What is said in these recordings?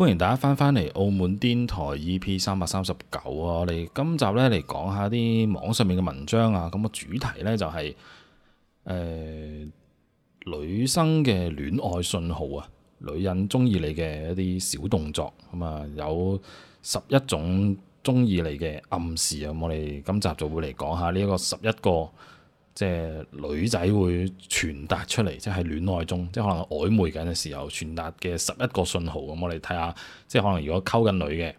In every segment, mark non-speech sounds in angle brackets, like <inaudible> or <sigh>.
歡迎大家翻返嚟《澳門癲台 E P 三百三十九》啊！我哋今集咧嚟講下啲網上面嘅文章啊，咁個主題咧就係、是、誒、呃、女生嘅戀愛訊號啊，女人中意你嘅一啲小動作咁啊，有十一種中意你嘅暗示啊！我哋今集就會嚟講下呢一個十一個。即係女仔會傳達出嚟，即係戀愛中，即係可能曖昧緊嘅時候傳達嘅十一個訊號咁，我哋睇下，即係可能如果溝緊女嘅，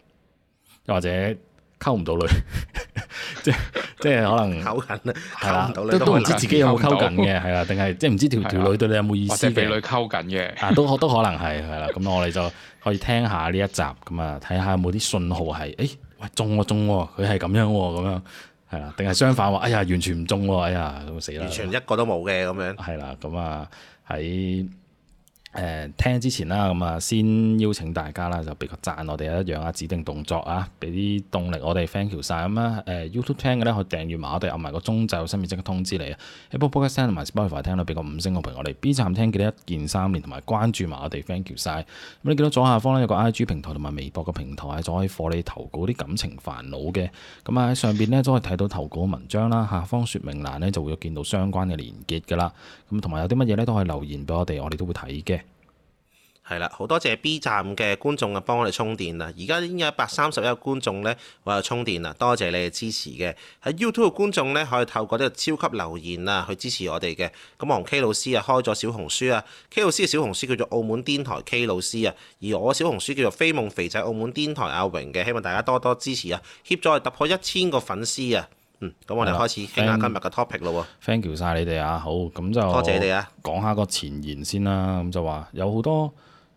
又或者溝唔到女， <laughs> 即係即係可能溝緊啦，溝唔到女都都唔知自己有冇溝緊嘅，係啦，定係即係唔知條條女對你有冇意思嘅，或者俾女溝緊嘅，都可都可能係係啦，咁我哋就可以聽下呢一集咁、欸、啊，睇下有冇啲訊號係，誒喂中喎中喎，佢係咁樣喎咁樣。係啦，定係相反話，哎呀，完全唔中喎，哎呀，咁就死啦，完全一個都冇嘅咁樣。係啦，咁啊喺。誒、呃、聽之前啦，咁啊先邀請大家啦，就俾個讚我哋一樣啊，指定動作啊，俾啲動力我哋 thank you 晒！咁啊！誒、嗯呃、YouTube 聽嘅咧，可以訂閱埋我哋，按埋個鐘就上面即刻通知你啊 Apple Podcast 同埋 Spotify 聽咧，俾個,個,個,個,個,個,個,個五星好評我哋。B 站聽記得一鍵三連同埋關注埋我哋 thank you 晒！咁你見到左下方咧有個 IG 平台同埋微博嘅平台就可以放你投稿啲感情煩惱嘅。咁啊喺上邊呢，都可以睇到投稿文章啦。下方說明欄呢，就會見到相關嘅連結噶啦。咁同埋有啲乜嘢咧都可以留言俾我哋，我哋都會睇嘅。係啦，好多謝 B 站嘅觀眾啊，幫我哋充電啦！而家已經有一百三十一個觀眾咧，我哋充電啦，多謝你哋支持嘅。喺 YouTube 嘅觀眾咧，可以透過呢個超級留言啊，去支持我哋嘅。咁我同 K 老師啊，開咗小紅書啊，K 老師嘅小紅書叫做澳門癲台 K 老師啊，而我小紅書叫做飛夢肥仔澳門癲台阿榮嘅，希望大家多多支持啊，協助我突破一千個粉絲啊！咁、嗯、我哋開始傾下今日嘅 topic 咯。thank you 晒你哋啊，好咁就多謝你哋啊。講下個前言先啦，咁就話有好多。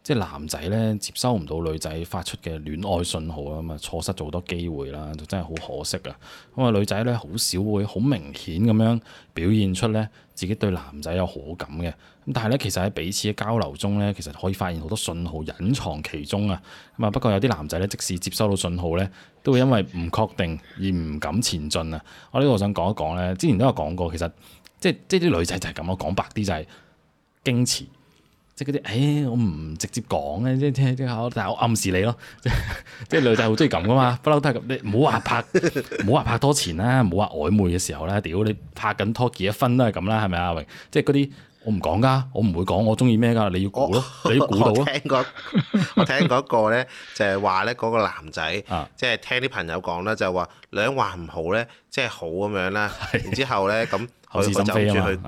即係男仔咧接收唔到女仔發出嘅戀愛信號啊嘛，錯失咗好多機會啦，就真係好可惜啊！咁啊，女仔咧好少會好明顯咁樣表現出咧自己對男仔有好感嘅。咁但係咧，其實喺彼此嘅交流中咧，其實可以發現好多信號隱藏其中啊。咁啊，不過有啲男仔咧，即使接收到信號咧，都會因為唔確定而唔敢前進啊。我呢度想講一講咧，之前都有講過，其實即係即係啲女仔就係咁樣，講白啲就係矜持。即嗰啲，誒、欸，我唔直接講嘅，即係聽啲口，但係我暗示你咯，即係即係女仔好中意咁噶嘛，不嬲都係咁。你唔好話拍，唔好話拍拖前啦，唔好話曖昧嘅時候啦，屌你拍緊拖結一分都係咁啦，係咪阿榮？即係嗰啲我唔講噶，我唔會講我中意咩噶，你要估咯，你要估到啊。我聽我聽嗰個咧 <laughs> 就係話咧嗰個男仔，即、就、係、是、聽啲朋友講啦，就話、是、兩話唔好咧，即、就、係、是、好咁樣啦。然之後咧咁，我走住去。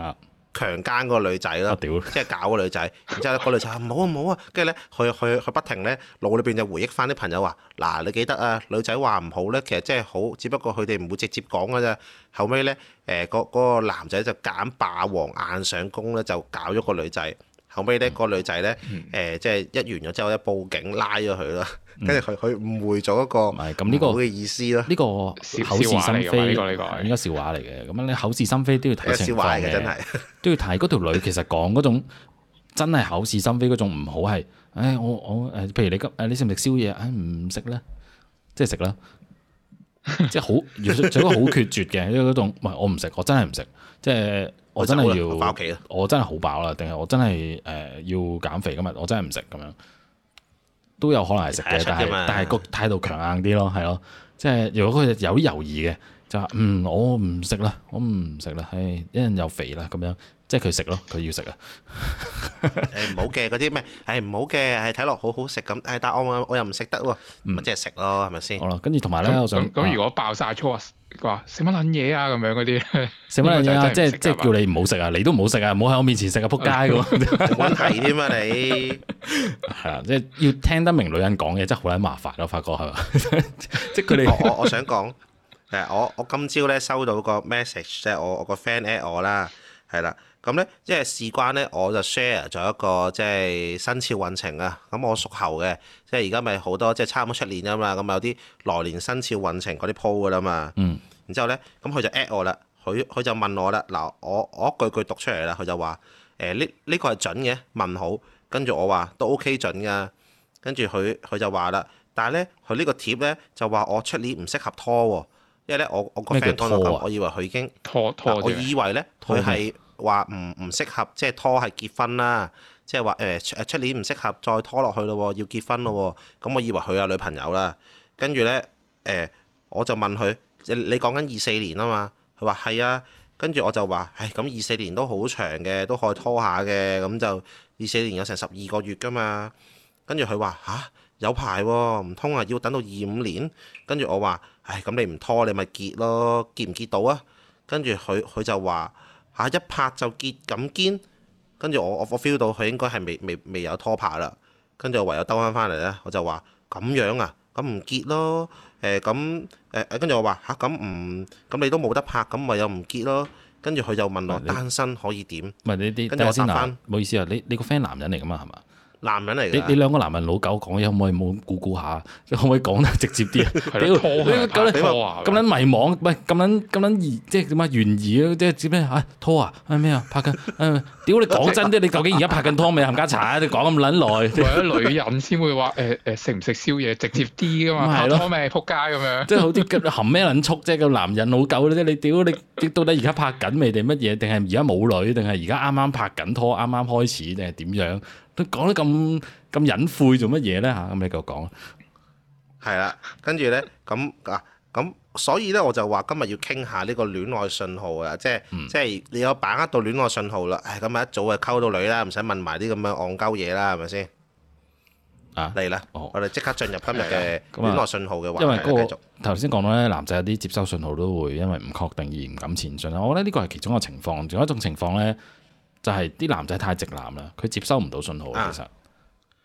強奸個女仔啦，即係搞個女仔，然之後咧個女仔話唔好啊，唔好啊，跟住咧佢去去不停咧腦裏邊，就回憶翻啲朋友話，嗱你記得啊，女仔話唔好咧，其實即係好，只不過佢哋唔會直接講嘅咋。後尾咧誒，呃嗰個男仔就夾硬霸王硬上弓咧，就搞咗個女仔。後尾咧個女仔咧誒，即係一完咗之後咧，報警拉咗佢啦。跟住佢佢誤會咗一個唔係咁呢個嘅意思咯，呢個口是心非呢個呢個應該笑話嚟嘅。咁樣呢口是心非都要睇情況嘅，真係都要睇嗰條女其實講嗰種真係口是心非嗰種唔好係。唉，我我誒，譬如你今誒，你食唔食宵夜？唉，唔食咧，即係食啦，即係好，最緊要好決絕嘅，因為嗰種唔係我唔食，我真係唔食，即係我真係要飽飽企啦，我真係好飽啦，定係我真係誒要減肥今日，我真係唔食咁樣。都有可能係食嘅，但係但係個態度強硬啲咯，係咯，即係如果佢有猶豫嘅，就話嗯，我唔食啦，我唔食啦，唉，一人又肥啦咁樣，即係佢食咯，佢要食啊，唔、 <laughs> 欸、好嘅嗰啲咩，誒唔、欸、好嘅，係睇落好好食咁，係但係我我又唔食得喎，唔係即係食咯，係咪先？的好啦，跟住同埋咧，那我想咁那如果爆晒話食乜撚嘢啊？咁樣嗰啲食乜撚嘢啊？即係是即係叫你唔好食啊！你都唔好食啊！唔好喺我面前食啊！扑街咁，冇問題添啊！你係啊，即係要聽得明女人講嘢真係好鬼麻煩， <laughs> 我發覺係嘛，即係佢哋。我我想講誒，我我今朝咧收到個 message，即係我我個 friend at 我啦，係啦。咁咧，即係事關咧，我就 share 咗一個即係生肖運程啊。咁我屬猴嘅，即係而家咪好多即係差唔多出年啊嘛。咁有啲來年生肖運程嗰啲 po 噶啦嘛。嗯、然之後咧，咁佢就 at 我啦。佢佢就問我啦。嗱，我我一句句讀出嚟啦。佢就話：誒呢呢個係準嘅問好。」跟住我話都 OK 準噶。跟住佢佢就話啦，但係咧佢呢個貼咧就話我出年唔適合拖，因為咧我我個 friend 我以為佢已經拖拖、啊、我以為咧佢係。話唔唔適合，即係拖係結婚啦。即係話誒出年唔適合再拖落去咯喎，要結婚咯喎。咁我以為佢有女朋友啦。跟住呢，誒，我就問佢：你講緊二四年啊嘛？佢話係啊。跟住我就話：唉、哎，咁二四年都好長嘅，都可以拖下嘅。咁就二四年有成十二個月㗎嘛。跟住佢話嚇有排喎、啊，唔通啊要等到二五年？跟住我話：唉、哎，咁你唔拖你咪結咯，結唔結到啊？跟住佢佢就話。嚇、啊、一拍就結咁堅，跟住我我我 feel 到佢應該係未未未，未有拖拍啦，跟住我唯有兜翻返嚟咧，我就話咁樣啊，咁唔結咯，誒咁誒誒，跟住、欸、我話嚇咁唔咁你都冇得拍，咁咪又唔結咯，跟住佢就問我單身可以點？唔係你你，你你我等我先啦，唔好意思啊，你你個 friend 男人嚟噶嘛係嘛？男人嚟嘅，你你兩個男人老狗講嘢可唔可以冇咁估估下？可唔可以講得直接啲？屌，屌，咁樣迷茫，喂！咁樣咁樣，即係點啊？懸疑啊，即係做咩拖啊，係咩啊？拍緊屌你講真啲，你究竟而家拍緊拖未？冚家鏟，你講咁撚耐。為咗女人先會話誒誒，食唔食宵夜直接啲噶嘛？拖未扑街咁樣，即係好啲含咩撚畜啫？個男人老狗啫，你屌你，到底而家拍緊未定乜嘢？定係而家冇女？定係而家啱啱拍緊拖？啱啱開始定係點樣？佢講得咁咁隱晦做乜嘢咧嚇？咁你繼續講。係啦，跟住咧咁嗱咁，所以咧我就話今日要傾下呢個戀愛訊號啊，即係即係你有把握到戀愛訊號啦，誒咁啊一早就溝到女啦，唔使問埋啲咁嘅戇鳩嘢啦，係咪先？啊，嚟啦？哦，我哋即刻進入今日嘅戀愛訊號嘅話題。因為嗰個頭先講到咧，男仔有啲接收訊號都會因為唔確定而唔敢前進。我覺得呢個係其中一個情況，仲有一種情況咧。就係啲男仔太直男啦，佢接收唔到信號，啊、其實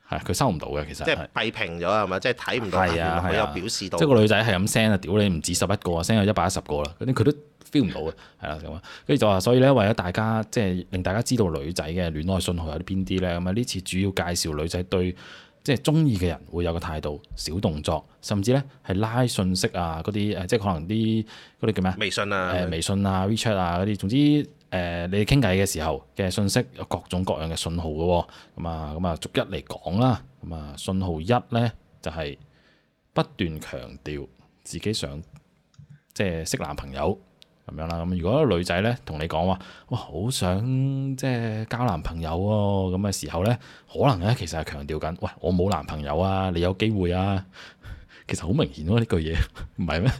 係佢收唔到嘅，其實即係閉屏咗啊，係咪即係睇唔到？係啊，佢有表示到。即係個女仔係咁 send 啊，屌你唔止十一個啊，send 有一百一十個啦，嗰啲佢都 feel 唔到嘅，係啦咁啊。跟住、啊、就話，所以咧為咗大家即係令大家知道女仔嘅戀愛信號有啲邊啲咧，咁啊呢次主要介紹女仔對即係中意嘅人會有個態度、小動作，甚至咧係拉信息啊嗰啲誒，即係可能啲嗰啲叫咩？微信啊，微信啊，WeChat 啊嗰啲，總之。總之誒，你傾偈嘅時候嘅信息有各種各樣嘅信號嘅，哦，咁啊，咁啊，逐一嚟講啦。咁啊，信號一咧就係、是、不斷強調自己想即係識男朋友咁樣啦。咁如果女仔咧同你講話，哇，好想即係交男朋友哦，咁嘅時候咧，可能咧其實係強調緊，喂，我冇男朋友啊，你有機會啊，其實好明顯咯，啊，呢句嘢唔係咩？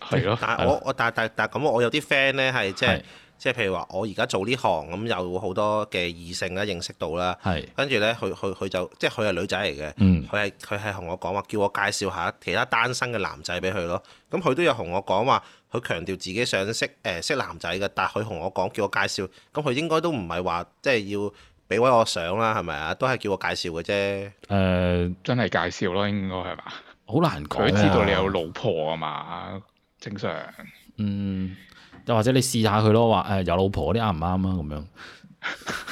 係咯了， <laughs> 但係我我但但但咁，我有啲 friend 咧係即係。即係譬如話，我而家做呢行咁，有好多嘅異性咧認識到啦。係。跟住咧，佢佢佢就即係佢係女仔嚟嘅。嗯。佢係佢係同我講話，叫我介紹下其他單身嘅男仔俾佢咯。咁佢都有同我講話，佢強調自己想識誒識男仔嘅，但係佢同我講叫我介紹。咁佢應該都唔係話即係要俾位我相啦，係咪啊？都係叫我介紹嘅啫。誒、呃，真係介紹咯，應該係嘛？好難講。佢知道你有老婆啊嘛？正常。嗯。又或者你試下佢咯，話誒有老婆啲啱唔啱啊？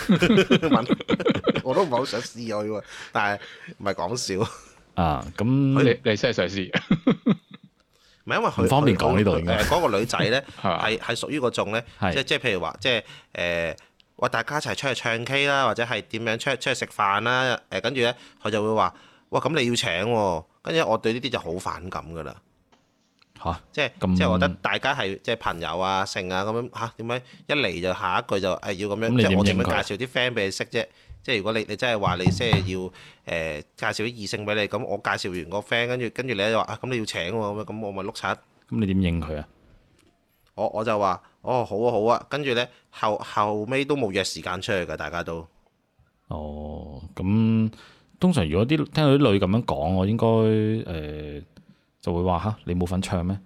咁樣，我都唔係好想試佢，但係唔係講笑。啊，咁你你真係想試？唔係因為佢方便講呢度嘅。嗰個 <laughs> 女仔咧，係係屬於嗰種咧，即即係譬如話，即、就、誒、係，哇、呃！大家一齊出去唱 K 啦，或者係點樣出去出嚟食飯啦？誒，跟住咧，佢就會話：哇！咁你要請喎？跟住我對呢啲就好反感噶啦。嚇！即係即係，我覺得大家係即係朋友啊、性啊咁樣嚇。點解一嚟就下一句就誒要咁樣？即係我點樣介紹啲 friend 俾你識啫？即係如果你你真係話你即係要誒介紹啲異性俾你，咁我介紹完個 friend，跟住跟住你又話啊，咁你要請喎咁，咁我咪碌柒。咁你點應佢啊？我我就話哦，好啊，好啊，跟住咧後後尾都冇約時間出去㗎，大家都。哦，咁通常如果啲聽到啲女咁樣講，我應該誒，就會話嚇你冇份唱咩？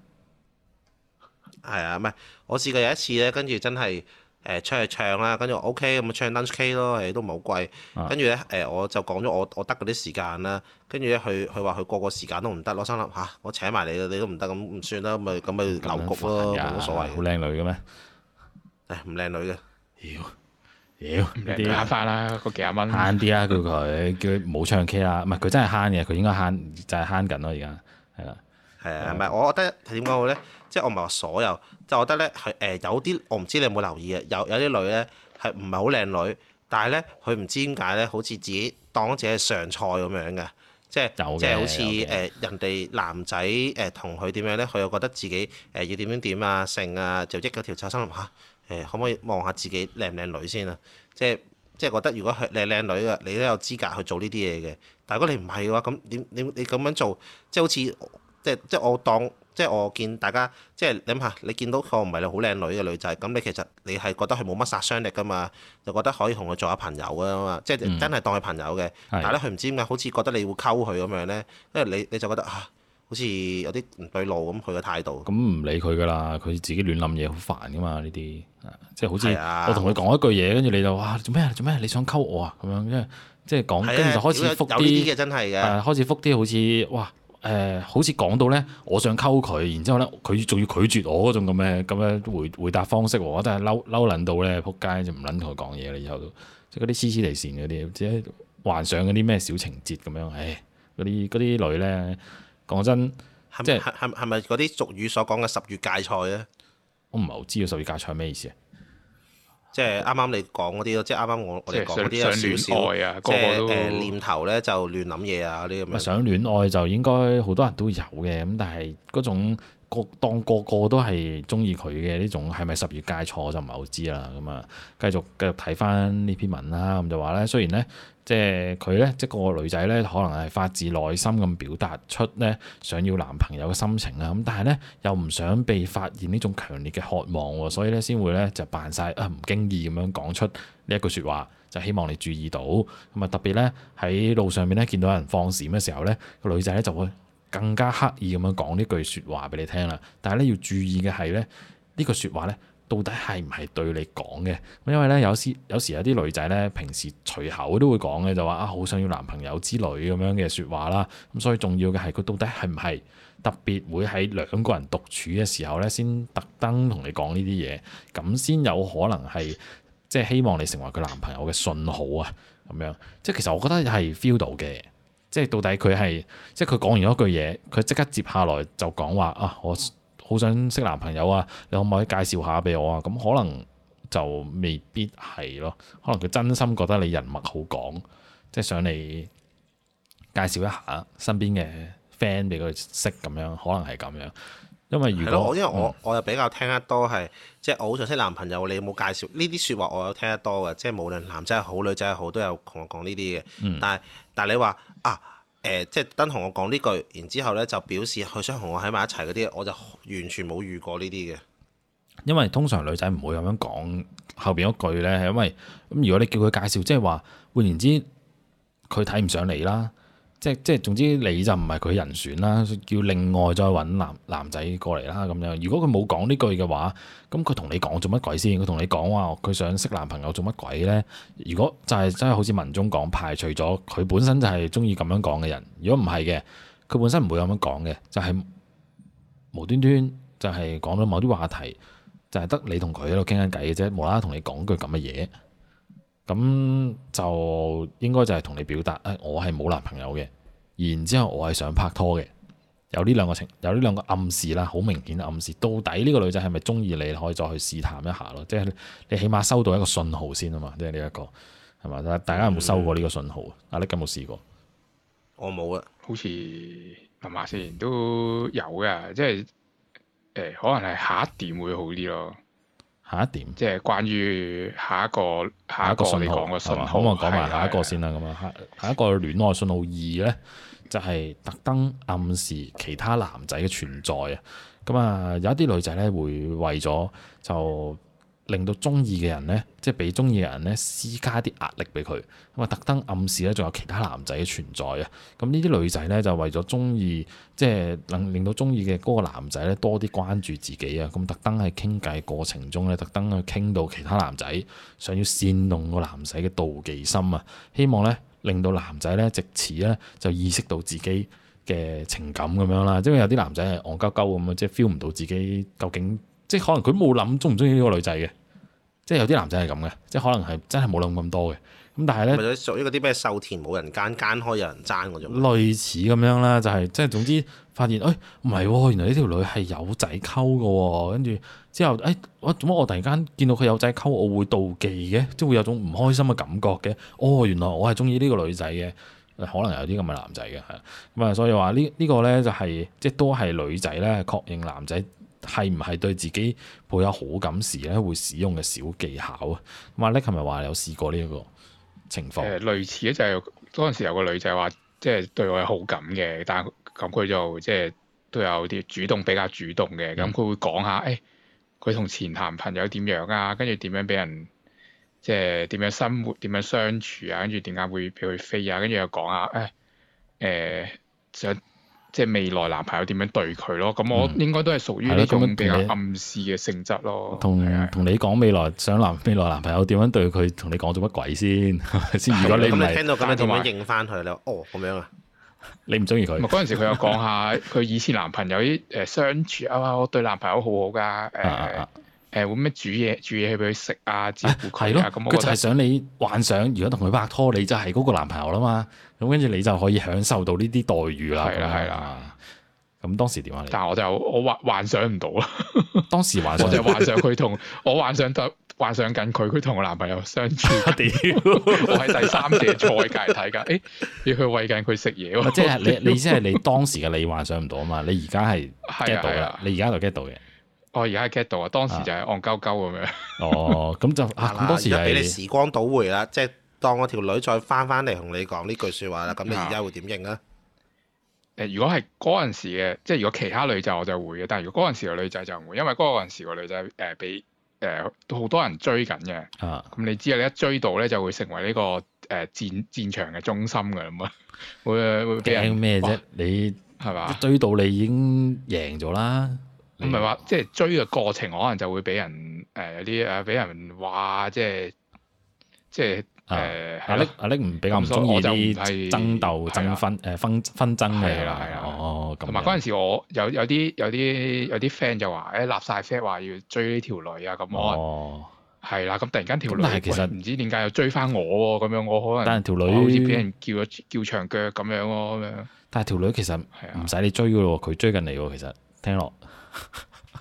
係啊，唔係我試過有一次咧，跟住真係誒、呃、出去唱啦，跟住 O K 咁唱 lunch K 咯，誒都唔係好貴。跟住咧誒我就講咗我我得嗰啲時間啦，跟住咧佢佢話佢個個時間都唔得，我心諗嚇、啊、我請埋你嘅，你都唔得咁唔算啦，咪咁咪流局咯，冇所謂。好靚女嘅咩？誒唔靚女嘅。妖妖慳返啦，個幾 <laughs> 廿蚊慳啲啦！叫佢叫佢冇唱 K 啦，唔係佢真係慳嘅，佢應該慳就係慳緊咯，而家係啦。誒唔係，我覺得係點講好咧？即係我唔係話所有，就覺得咧係誒有啲我唔知你有冇留意嘅，有有啲女咧係唔係好靚女，但係咧佢唔知點解咧，好似自己當自己係上菜咁樣嘅，即係的即係好似誒 okay. 人哋男仔誒同佢點樣咧，佢又覺得自己誒要點樣點啊性啊就益咗條臭心。嚇、啊、誒、欸，可唔可以望下自己靚唔靚女先啊？即係即係覺得如果佢靚靚女嘅，你都有資格去做呢啲嘢嘅。但係如果你唔係嘅話，咁點點你咁樣做，即係好似。即即我當即我見大家即係諗下，你見到個唔係你好靚女嘅女仔，咁你其實你係覺得佢冇乜殺傷力噶嘛，就覺得可以同佢做下朋友啊嘛，即係真係當佢朋友嘅。嗯、但係咧，佢唔知點解好似覺得你會溝佢咁樣咧，因為你你就覺得啊，好似有啲唔對路咁佢嘅態度。咁唔理佢噶啦，佢自己亂諗嘢好煩噶嘛，呢啲即係好似的我同佢講一句嘢，跟住你就話做咩做咩，你想溝我啊咁樣，即係講跟住就開始復啲嘅真係嘅、啊，開始復啲好似哇。誒、呃，好似講到咧，我想溝佢，然之後咧，佢仲要拒絕我嗰種咁嘅咁樣回回答方式，我都係嬲嬲撚到咧，仆街就唔撚同佢講嘢啦，以後即係嗰啲黐黐地線嗰啲，即係幻想嗰啲咩小情節咁樣，唉，嗰啲啲女咧，講真，是即係係係咪嗰啲俗語所講嘅十月芥菜咧？我唔係好知道十月芥菜咩意思啊？即係啱啱你講嗰啲咯，即係啱啱我我哋講嗰啲有少少，想戀愛啊、個個即係誒、呃、念頭咧就亂諗嘢啊啲咁。係想戀愛就應該好多人都有嘅，咁但係嗰種個當個個都係中意佢嘅呢種係咪十月戒錯就唔係好知啦。咁啊，繼續繼續睇翻呢篇文啦。咁就話咧，雖然咧。即係佢呢，即個女仔呢，可能係發自內心咁表達出呢想要男朋友嘅心情啊。咁但係呢，又唔想被發現呢種強烈嘅渴望喎，所以呢，先會呢就扮晒啊唔經意咁樣講出呢一句説話，就希望你注意到。咁啊特別呢，喺路上面呢見到有人放閃嘅時候呢，個女仔呢就會更加刻意咁樣講呢句説話俾你聽啦。但係呢，要注意嘅係呢，呢句説話呢。到底係唔係對你講嘅？因為咧有，有時有時有啲女仔咧，平時隨口都會講嘅，就話啊好想要男朋友之類咁樣嘅説話啦。咁所以重要嘅係佢到底係唔係特別會喺兩個人獨處嘅時候咧，先特登同你講呢啲嘢，咁先有可能係即係希望你成為佢男朋友嘅信號啊。咁樣即係其實我覺得係 feel 到嘅，即係到底佢係即係佢講完一句嘢，佢即刻接下來就講話啊我。好想識男朋友啊！你可唔可以介紹下俾我啊？咁可能就未必係咯，可能佢真心覺得你人脈好廣，即係想你介紹一下身邊嘅 friend 俾佢識咁樣，可能係咁樣。因為如果因為我、嗯、我又比較聽得多係，即係我好想識男朋友，你有冇介紹呢啲説話？我有聽得多嘅，即係無論男仔又好，女仔又好，都有同我講呢啲嘅。但係但係你話啊？誒，即係等同我講呢句，然之後咧，就表示佢想同我喺埋一齊嗰啲，我就完全冇遇過呢啲嘅。因為通常女仔唔會咁樣講後邊嗰句呢，係因為咁如果你叫佢介紹，即係話換言之，佢睇唔上你啦。即即總之你就唔係佢人選啦，叫另外再揾男男仔過嚟啦咁樣。如果佢冇講呢句嘅話，咁佢同你講做乜鬼先？佢同你講話佢想識男朋友做乜鬼呢？如果就係真係好似文中講排除咗佢本身就係中意咁樣講嘅人，如果唔係嘅，佢本身唔會咁樣講嘅，就係、是、無端端就係講到某啲話題，就係、是、得你同佢喺度傾緊偈嘅啫，無啦啦同你講句咁嘅嘢。咁就應該就係同你表達，誒、哎、我係冇男朋友嘅，然之後我係想拍拖嘅，有呢兩個情，有呢兩個暗示啦，好明顯暗示。到底呢個女仔係咪中意你？可以再去試探一下咯，即係你起碼收到一個信號先啊嘛，即係呢一個係嘛？大家有冇收過呢個信號啊？嗯、阿 n i 有冇試過？我冇啊，好似問下先都有嘅，即係可能係下一點會好啲咯。下一點，即係關於下一個下一個,你下一個信號嘅好我講埋下一個先啦。咁啊，下一個戀愛信號二呢，就係特登暗示其他男仔嘅存在啊。咁啊，有一啲女仔呢，會為咗就。令到中意嘅人呢，即係俾中意嘅人呢，施加啲壓力俾佢，咁啊特登暗示呢，仲有其他男仔嘅存在啊，咁呢啲女仔呢，就為咗中意，即係令令到中意嘅嗰個男仔呢，多啲關注自己啊，咁特登喺傾偈過程中呢，特登去傾到其他男仔，想要煽動個男仔嘅妒忌心啊，希望呢，令到男仔呢，直使呢，就意識到自己嘅情感咁樣啦，因為有啲男仔係戇鳩鳩咁啊，即係 feel 唔到自己究竟。即係可能佢冇諗中唔中意呢個女仔嘅，即係有啲男仔係咁嘅，即係可能係真係冇諗咁多嘅。咁但係咧，屬於嗰啲咩瘦田冇人耕，耕開有人爭嗰種。類似咁樣啦，就係、是、即係總之發現，誒唔係喎，原來呢條女係有仔溝嘅，跟住之後，誒、哎，我做乜我突然間見到佢有仔溝，我會妒忌嘅，即係會有種唔開心嘅感覺嘅。哦，原來我係中意呢個女仔嘅，可能有啲咁嘅男仔嘅係，咁啊，所以話呢呢個咧就係、是、即係都係女仔咧確認男仔，係唔係對自己抱有好感時咧，會使用嘅小技巧啊？咁啊，咧係咪話你有試過呢一個情況？誒，類似嘅就係嗰陣時有個女仔話，即係對我有好感嘅，但係咁佢就即係都有啲主動，比較主動嘅，咁佢會講下，誒、嗯，佢同前男朋友點樣啊？跟住點樣俾人，即係點樣生活、點樣相處啊？跟住點解會俾佢飛啊？跟住又講下，誒，誒，想。即係未來男朋友點樣對佢咯？咁我應該都係屬於呢種比較暗示嘅性質咯。同同你講未來想男未來男朋友點樣對佢，同你講做乜鬼先？先 <laughs> 如果你唔、嗯、 <laughs> 聽到咁樣點樣認翻佢？ <laughs> 你話哦咁樣啊？你唔中意佢？唔係嗰陣時佢有講下佢以前男朋友啲誒、呃、相處啊嘛，我、呃、對男朋友好好㗎誒。呃 <laughs> 嗯嗯。誒，會咩煮嘢煮嘢去俾佢食啊？照顧佢啊？係咯、啊，佢、啊、就係想你幻想。如果同佢拍拖，你就係嗰個男朋友啦嘛。咁跟住你就可以享受到呢啲待遇啦。係啦，係啦。咁當時點啊？但係我就是、我幻幻想唔到啦。 <laughs> 當時幻想 <laughs> 我就幻想佢同我幻想都幻想緊佢，佢同我男朋友相處。 <laughs> 啊、 <laughs> 我係第三者在界睇噶。誒、哎，要去餵緊佢食嘢，即係你，你即係你，你當時嘅你幻想唔到啊嘛。你而家係 get 到啦， <laughs> <laughs> 你而家就 get 到嘅。 <laughs> <laughs> 哦，而家 get 到啊，當時就係戇鳩鳩咁樣。哦，咁就啊，就啊吧當時就俾你時光倒回啦，即係當我條女再翻翻嚟同你講呢句說話啦。咁你而家會點應啊？誒、呃，如果係嗰陣時嘅，即係如果其他女仔我就會嘅，但係如果嗰陣時個女仔就唔會，因為嗰個陣時個女仔誒，俾誒好多人追緊嘅。啊，咁你知啊？你一追到咧，就會成為呢、這個誒、呃、戰戰場嘅中心噶啦嘛。會驚咩啫？會啊、你係嘛？追到你已經贏咗啦。唔係話即係追嘅過程，可能就會俾人誒啲啊俾人話即係即係誒。阿叻阿叻唔比較，唔中意爭鬥爭紛誒紛紛爭嘅。係啦係啦。哦，同埋嗰陣時，我有有啲有啲有啲 friend 就話誒立晒 flag 話要追呢條女啊咁。哦。係啦。咁突然間條女其實唔知點解又追翻我喎咁樣，我可能單條女好似俾人叫咗叫長腳咁樣喎咁樣。但係條女其實係唔使你追噶咯，佢追緊你喎。其實聽落。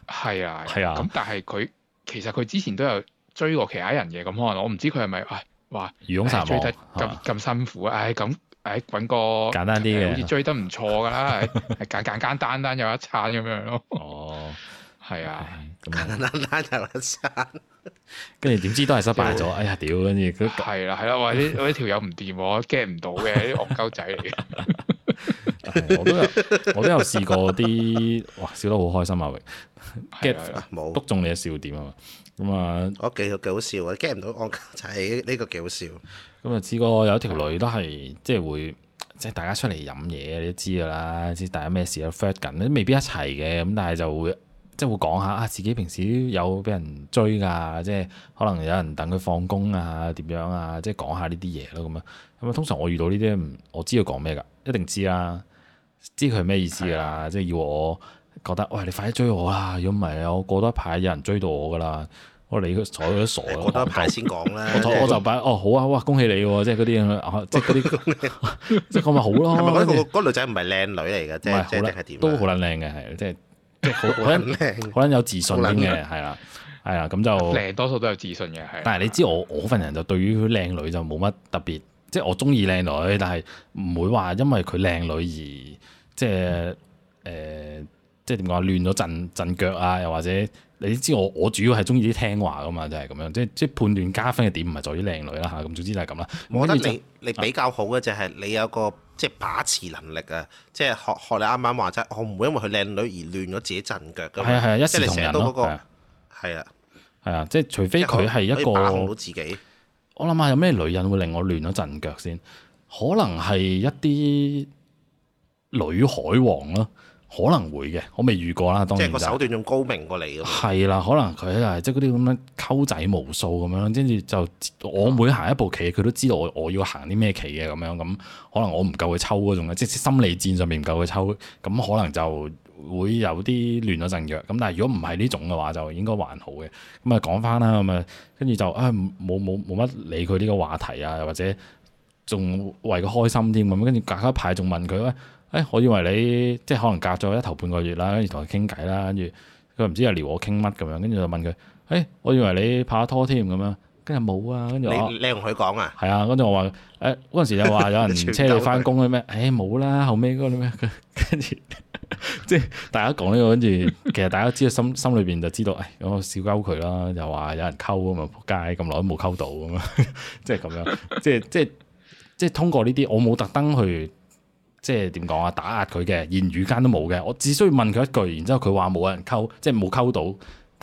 係啊，係啊，咁但係佢其實佢之前都有追過其他人嘅，咁可能我唔知佢係咪，哇，魚擁追得咁咁辛苦啊，唉，咁唉，搵個簡單啲嘅，好似追得唔錯噶啦，係簡簡簡單單又一餐咁樣咯。哦，係啊，簡簡單單又一餐，跟住點知都係失敗咗，哎呀，屌，跟住佢係啦，係啦，喂，呢我條友唔掂 get 唔到嘅，啲惡鳩仔嚟嘅。我都有，我都有試過啲，哇笑得好開心啊！get 冇篤中你嘅笑點啊嘛，咁、嗯、啊我幾有幾好笑啊！get 唔到我就係呢個幾好笑。咁啊、嗯，知過有一條女都係即係會，即係大家出嚟飲嘢，你都知噶啦，知大家咩事啊？fight 緊都未必一齊嘅，咁但係就會即係會講下啊，自己平時有俾人追噶，即係可能有人等佢放工啊，點樣啊，即係講下呢啲嘢咯咁啊。咁啊、嗯，通常我遇到呢啲，我知道講咩噶，一定知啦。知佢係咩意思噶啦？即係要我覺得，喂，你快啲追我啦！如果唔係，我過多一排有人追到我噶啦。我你坐嗰啲傻，我得一排先講啦。我就擺哦，好啊，好啊，恭喜你喎！即係嗰啲，即係嗰啲，即係咁咪好咯。嗰女仔唔係靚女嚟嘅，即係即都好撚靚嘅，係即係即係好可能有自信啲嘅，係啦，係啦，咁就多數都有自信嘅，係。但係你知我我份人就對於佢靚女就冇乜特別。即係我中意靚女，但係唔會話因為佢靚女而即係誒，即係點講啊？呃、亂咗陣陣腳啊，又或者你知我，我主要係中意啲聽話㗎嘛，就係、是、咁樣，即係即係判斷加分嘅點，唔係在於靚女啦吓。咁總之就係咁啦。我覺得你你比較好嘅就係你有個、啊、即係把持能力啊，即係學學你啱啱話齋，我唔會因為佢靚女而亂咗自己陣腳。係係係，一視同仁嘅係啊，係啊，即係除非佢係一個。我諗下有咩女人會令我亂咗陣腳先，可能係一啲女海王咯，可能會嘅，我未遇過啦。當然就即係個手段仲高明過你咯。係啦，可能佢係即係嗰啲咁樣溝仔無數咁樣，跟住就我每行一步棋，佢都知道我我要行啲咩棋嘅咁樣。咁可能我唔夠佢抽嗰種嘅，即係心理戰上面唔夠佢抽，咁可能就。會有啲亂咗陣腳，咁但係如果唔係呢種嘅話，就應該還好嘅。咁啊講翻啦，咁啊跟住就啊冇冇冇乜理佢呢個話題啊，或者仲為佢開心添咁樣。跟住隔一排仲問佢喂，誒、哎、我以為你即係可能隔咗一頭半個月啦，跟住同佢傾偈啦，跟住佢唔知係撩我傾乜咁樣，跟住就問佢，誒、哎、我以為你拍拖添咁樣，跟住冇啊。我跟住你你同佢講啊？係啊，跟住我話誒嗰陣時就話有人車你翻工咧咩？誒，冇啦，後尾嗰啲咩？跟住。 <laughs> 即係大家講呢個跟住，其實大家知道心心裏邊就知道，哎，我小溝佢啦，又話有人溝吖嘛，撲街，咁耐都冇溝到咁啊，即係咁樣，即係即係即係通過呢啲，我冇特登去，即係點講啊，打壓佢嘅言語間都冇嘅，我只需要問佢一句，然之後佢話冇人溝，即係冇溝到，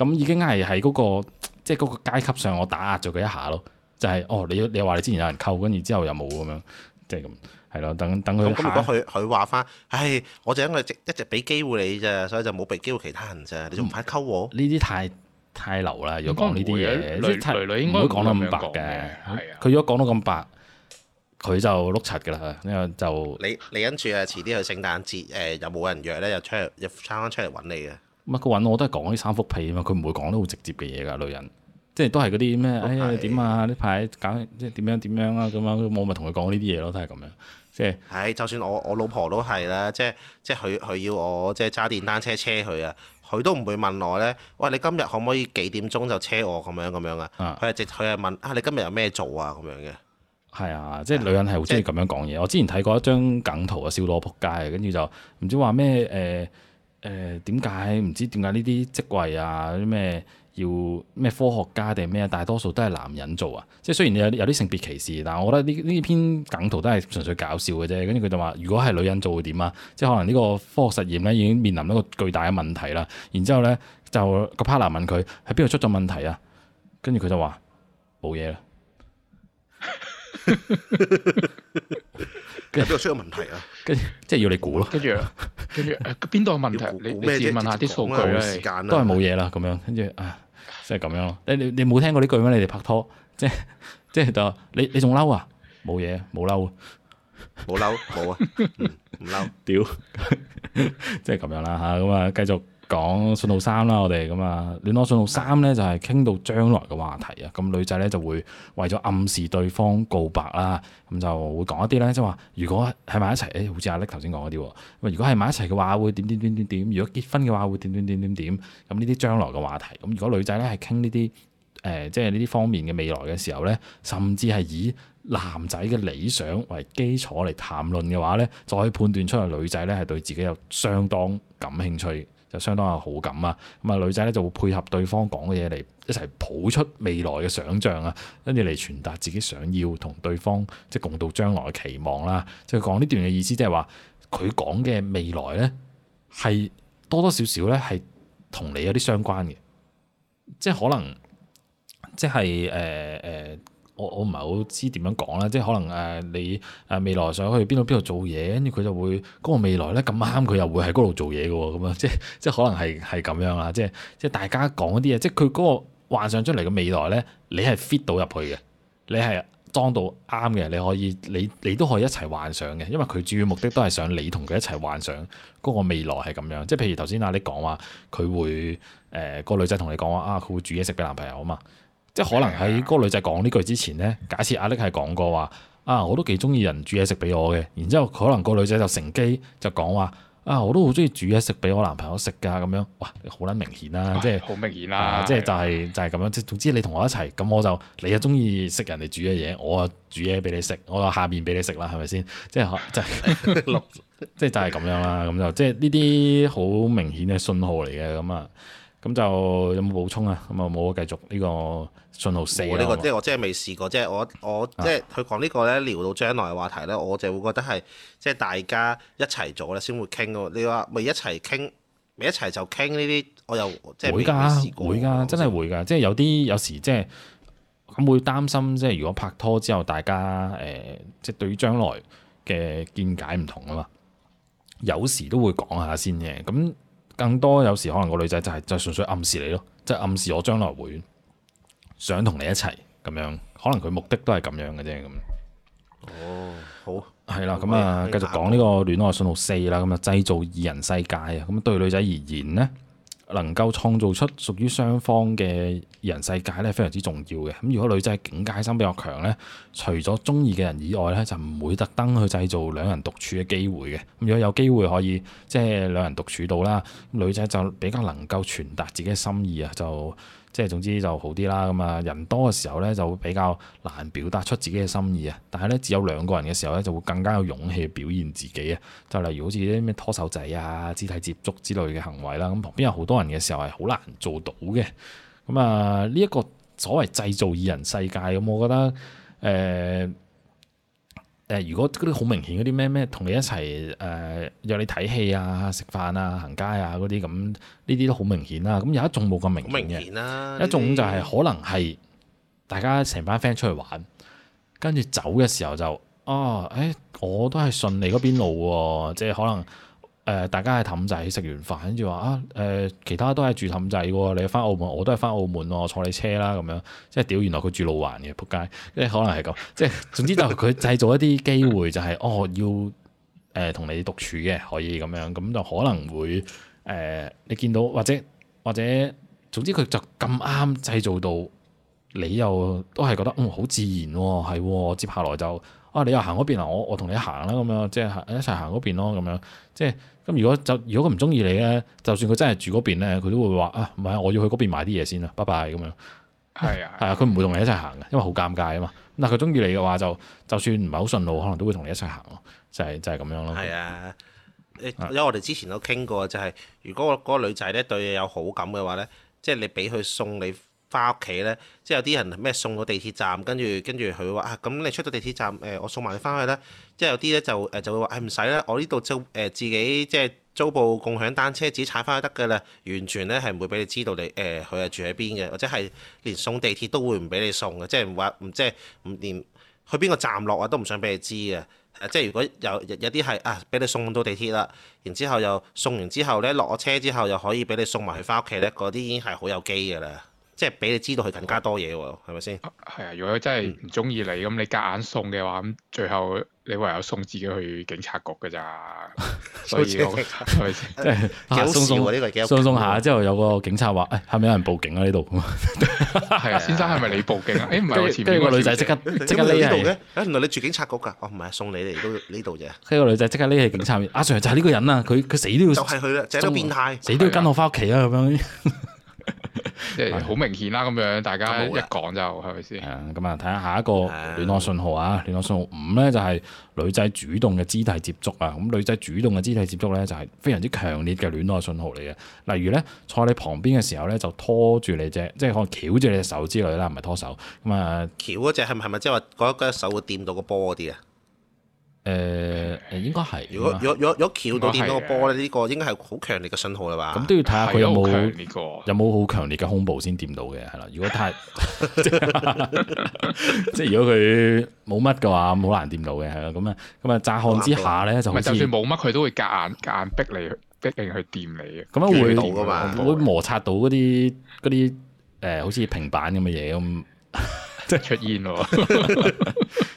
咁已經係喺嗰個即係嗰個階級上，我打壓咗佢一下咯，就係哦，你你話你之前有人溝，跟住之後又冇咁樣，即係咁。係咯，等等佢。咁、啊、如果佢佢話翻，唉，我就因為一直俾機會你啫，所以就冇俾機會其他人啫。你仲唔快溝我？呢啲太太流啦，如果講呢啲嘢，女女女應該唔會講到咁白嘅。佢如果講到咁白，佢的就碌柒噶啦。呢個就你你跟住啊，遲啲去聖誕節誒，有冇人約咧？又出嚟，又翻出嚟揾你嘅？乜佢揾我都係講啲三幅屁啊嘛，佢唔會講得好直接嘅嘢噶。女人即係都係嗰啲咩？哎呀，點啊？呢排搞即係點樣點樣啊？咁樣，樣,樣、啊、我咪同佢講呢啲嘢咯，都係咁樣。即係、哎，就算我我老婆都係啦，即係即係佢佢要我即係揸電單車車佢啊，佢都唔會問我呢：「喂，你今日可唔可以幾點鐘就車我咁樣咁樣啊？」佢係直佢係問啊，你今日有咩做啊咁樣嘅。係啊，即係即係女人係好中意咁樣講嘢。我之前睇過一張梗圖啊，笑到我仆街啊，跟住就唔知話咩誒誒點解，唔、呃呃、知點解呢啲職位啊啲咩。要咩科學家定咩？大多數都係男人做啊！即係雖然有有啲性別歧視，但係我覺得呢呢篇梗圖都係純粹搞笑嘅啫。跟住佢就話：如果係女人做會點啊？即係可能呢個科學實驗咧已經面臨一個巨大嘅問題啦。然之後咧就個 partner 問佢：喺邊度出咗問題啊？跟住佢就話：冇嘢啦。跟住邊度出咗問題啊？跟住，即係要你估咯。跟住跟住誒邊度有問題？你你自問下啲數據咧，時間都係冇嘢啦。咁樣跟住啊。即係咁樣咯，你你冇聽過呢句咩？你哋拍拖，即係即係就是就是，你你仲嬲啊？冇嘢、 <laughs> 嗯，冇嬲，冇嬲， <laughs> 冇啊，唔嬲，屌，即係咁樣啦吓，咁啊，繼續。講信號三啦，我哋咁啊，聯絡信號三呢，就係傾到將來嘅話題啊。咁女仔呢，就會為咗暗示對方告白啦，咁就會講一啲呢，即係話如果喺埋一齊，誒，好似阿叻頭先講嗰啲喎。如果喺埋一齊嘅話，會點點點點點；如果結婚嘅話，會點點點點點。咁呢啲將來嘅話題，咁如果女仔呢，係傾呢啲誒，即係呢啲方面嘅未來嘅時候呢，甚至係以男仔嘅理想為基礎嚟談論嘅話呢，再判斷出嚟女仔呢，係對自己有相當感興趣。相當係好感啊！咁啊，女仔咧就會配合對方講嘅嘢嚟一齊抱出未來嘅想像啊，跟住嚟傳達自己想要同對方即係共度將來嘅期望啦。即係講呢段嘅意思，就係，即係話佢講嘅未來呢，係多多少少呢，係同你有啲相關嘅，即係可能即係誒誒。呃呃我我唔係好知點樣講啦，即係可能誒你誒未來想去邊度邊度做嘢，跟住佢就會嗰個未來咧咁啱，佢又會喺嗰度做嘢嘅喎，咁樣即即可能係係咁樣啦，即即大家講啲嘢，即佢嗰個幻想出嚟嘅未來咧，你係 fit 到入去嘅，你係裝到啱嘅，你可以你你，你都可以一齊幻想嘅，因為佢主要嘅目的都係想你同佢一齊幻想嗰個未來係咁樣，即係譬如頭先阿你講話，佢會誒個女仔同你講話啊，佢會煮嘢食俾男朋友啊嘛。即係可能喺嗰個女仔講呢句之前咧，假設阿力係講過話啊，我都幾中意人煮嘢食俾我嘅。然之後可能個女仔就乘機就講話啊，我都好中意煮嘢食俾我男朋友食噶咁樣。哇，好撚明顯啦，啊，哎、即係好明顯啦，哎、即係就係、係哎、就係、係、咁、就係、樣。即係總之你同我一齊，咁我就你又中意食人哋煮嘅嘢，我啊煮嘢俾你食，我啊下面俾你食啦，係咪先？即係即係即係就係咁樣啦。咁就即係呢啲好明顯嘅信號嚟嘅咁啊。咁就有冇補充啊？咁啊冇啊，繼續呢個訊號四啊。呢個即係我真係未試過，即係我我即係佢講呢個咧聊到將來嘅話題咧，我就會覺得係即係大家一齊做咧先會傾咯。你話咪一齊傾，咪一齊就傾呢啲。我又即係未試過，會噶，真係會噶，即係有啲有時即係咁會擔心，即係如果拍拖之後大家誒、呃，即係對於將來嘅見解唔同啊嘛，有時都會講下先嘅。咁更多有時可能個女仔就係就純粹暗示你咯，即係暗示我將來會想同你一齊咁樣，可能佢目的都係咁樣嘅啫咁。哦，好，係啦，咁啊，繼續講呢個戀愛訊號四啦，咁啊製造二人世界啊，咁對女仔而言呢。能夠創造出屬於雙方嘅二人世界咧，非常之重要嘅。咁如果女仔警戒心比較強咧，除咗中意嘅人以外咧，就唔會特登去製造兩人獨處嘅機會嘅。咁如果有機會可以即係、就是、兩人獨處到啦，女仔就比較能夠傳達自己嘅心意啊，就。即係總之就好啲啦，咁啊，人多嘅時候咧就會比較難表達出自己嘅心意啊。但係咧，只有兩個人嘅時候咧就會更加有勇氣表現自己啊。就例如好似啲咩拖手仔啊、肢體接觸之類嘅行為啦。咁旁邊有好多人嘅時候係好難做到嘅。咁、嗯、啊呢一、這個所謂製造二人世界，咁、嗯、我覺得誒。呃誒，如果嗰啲好明顯嗰啲咩咩，同你一齊誒、呃、約你睇戲啊、食飯啊、行街啊嗰啲咁，呢啲都好明顯啦、啊。咁有一種冇咁明顯嘅，明顯啊、一種就係可能係大家成班 friend 出去玩，跟住走嘅時候就哦，誒、啊、我都係順利嗰邊路喎、啊，即、就、係、是、可能。誒，大家係氹仔食完飯，跟住話啊，誒、呃，其他都係住氹仔喎，你翻澳門我都係翻澳門喎，坐你車啦咁樣，即係屌，原來佢住路環嘅，仆街，即係可能係咁，即係總之就佢製造一啲機會、就係，就係 <laughs> 哦要誒同、呃、你獨處嘅，可以咁樣，咁就可能會誒、呃，你見到或者或者總之佢就咁啱製造到你又都係覺得，嗯，好自然喎、哦，係、哦，接下來就啊，你又行嗰邊啊，我我同你行啦，咁樣，即係一齊行嗰邊咯，咁樣，即係。即咁如果就如果佢唔中意你咧，就算佢真係住嗰邊咧，佢都會話啊，唔係我要去嗰邊買啲嘢先啦，拜拜咁樣。係啊，係啊，佢唔會同你一齊行嘅，因為好尷尬啊嘛。咁但佢中意你嘅話，就就算唔係好順路，可能都會同你一齊行咯，就係就係咁樣咯。係啊，嗯，因為我哋之前都傾過，就係如果個女仔咧對你有好感嘅話咧，即係你俾佢送你。翻屋企咧，即係有啲人咩送到地鐵站，跟住跟住佢會話啊。咁你出到地鐵站，誒、呃、我送埋你翻去咧。即係有啲咧就誒就會話誒唔使啦，我呢度就誒、呃、自己即係租部共享單車，自己踩翻去得㗎啦。完全咧係唔會俾你知道你誒佢係住喺邊嘅，或者係連送地鐵都會唔俾你送嘅，即係唔話唔即係唔連去邊個站落啊都唔想俾你知嘅。即係如果有有啲係啊，俾你送到地鐵啦，然之後又送完之後咧落咗車之後又可以俾你送埋去翻屋企咧，嗰啲已經係好有機嘅啦。即係俾你知道佢更加多嘢喎。係咪先？係啊，如果佢真係唔中意你咁，你夾硬送嘅話，咁最後你唯有送自己去警察局㗎咋。所以，係咪先？送送呢個，送送下之後有個警察話：，誒，係咪有人報警啊？呢度？係啊，先生，係咪你報警啊？誒，唔係，跟住個女仔即刻即刻匿喺。呢度嘅？誒，原來你住警察局噶？哦，唔係，送你嚟到呢度啫。跟住個女仔即刻匿喺警察，阿 Sir 就係呢個人啦。佢佢死都要，就係佢啦，成個變態，死都要跟我翻屋企啦咁樣。即係好明顯啦，咁樣大家一講就係咪先？係啊，咁啊睇下下一個戀愛信號啊，戀、啊、愛信號五咧就係女仔主動嘅肢體接觸啊，咁、嗯、女仔主動嘅肢體接觸咧就係非常之強烈嘅戀愛信號嚟嘅。例如咧坐你旁邊嘅時候咧就拖住你隻，即係可能翹住你隻手之類啦，唔係拖手。咁啊翹嗰隻係咪係咪即係話嗰嗰隻手會掂到個波啲啊？誒、呃、應該係，如果若若若橋到掂到個波咧，呢個應該係好強烈嘅信號啦嘛。咁都要睇下佢有冇有冇好強烈嘅胸部先掂到嘅，係啦。如果太 <laughs> <laughs> 即係如果佢冇乜嘅話，咁好難掂到嘅，係啦。咁啊咁啊，炸汗之下咧就就算冇乜，佢都會夾硬夾逼你逼你去掂你嘅，咁樣會到嘛，會摩擦到嗰啲嗰啲誒好似平板咁嘅嘢咁，即 <laughs> 係出現喎。 <laughs>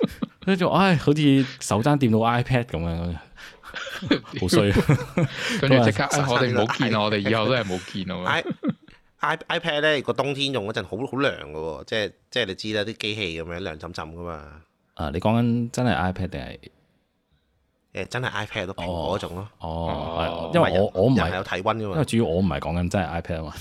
跟住我，唉，好似手踭掂到 iPad 咁樣，好衰！跟住即刻我哋冇見我哋以後都係冇見啊。iPad 咧，個冬天用嗰陣好好涼噶喎，即係即係你知啦，啲機器咁樣涼浸浸噶嘛。啊，你講緊真係 iPad 定係誒真係 iPad 蘋果嗰種咯？哦，因為我我唔係有體温噶嘛，主要我唔係講緊真係 iPad 啊嘛。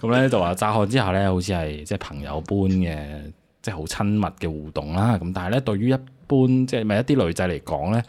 咁咧就話乍看之下咧，好似係即係朋友般嘅。即係好親密嘅互動啦，咁但係咧，對於一般即係咪一啲女仔嚟講咧，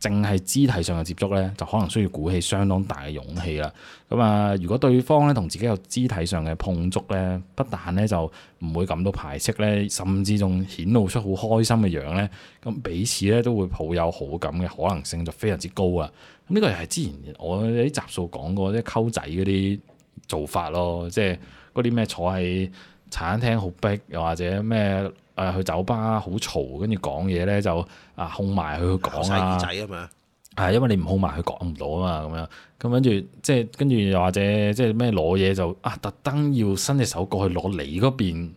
淨係肢體上嘅接觸咧，就可能需要鼓起相當大嘅勇氣啦。咁啊，如果對方咧同自己有肢體上嘅碰觸咧，不但咧就唔會感到排斥咧，甚至仲顯露出好開心嘅樣咧，咁彼此咧都會抱有好感嘅可能性就非常之高啦。咁、這、呢個又係之前我喺集數講過即溝仔嗰啲做法咯，即係嗰啲咩坐喺。茶餐廳好逼，又或者咩？誒、啊、去酒吧好嘈，跟住講嘢咧就啊，控埋佢講啊。講晒耳仔啊嘛！係因為你唔控埋佢講唔到啊嘛，咁樣咁跟住即係跟住又或者即係咩攞嘢就，是、就啊，特登要伸隻手過去攞你嗰邊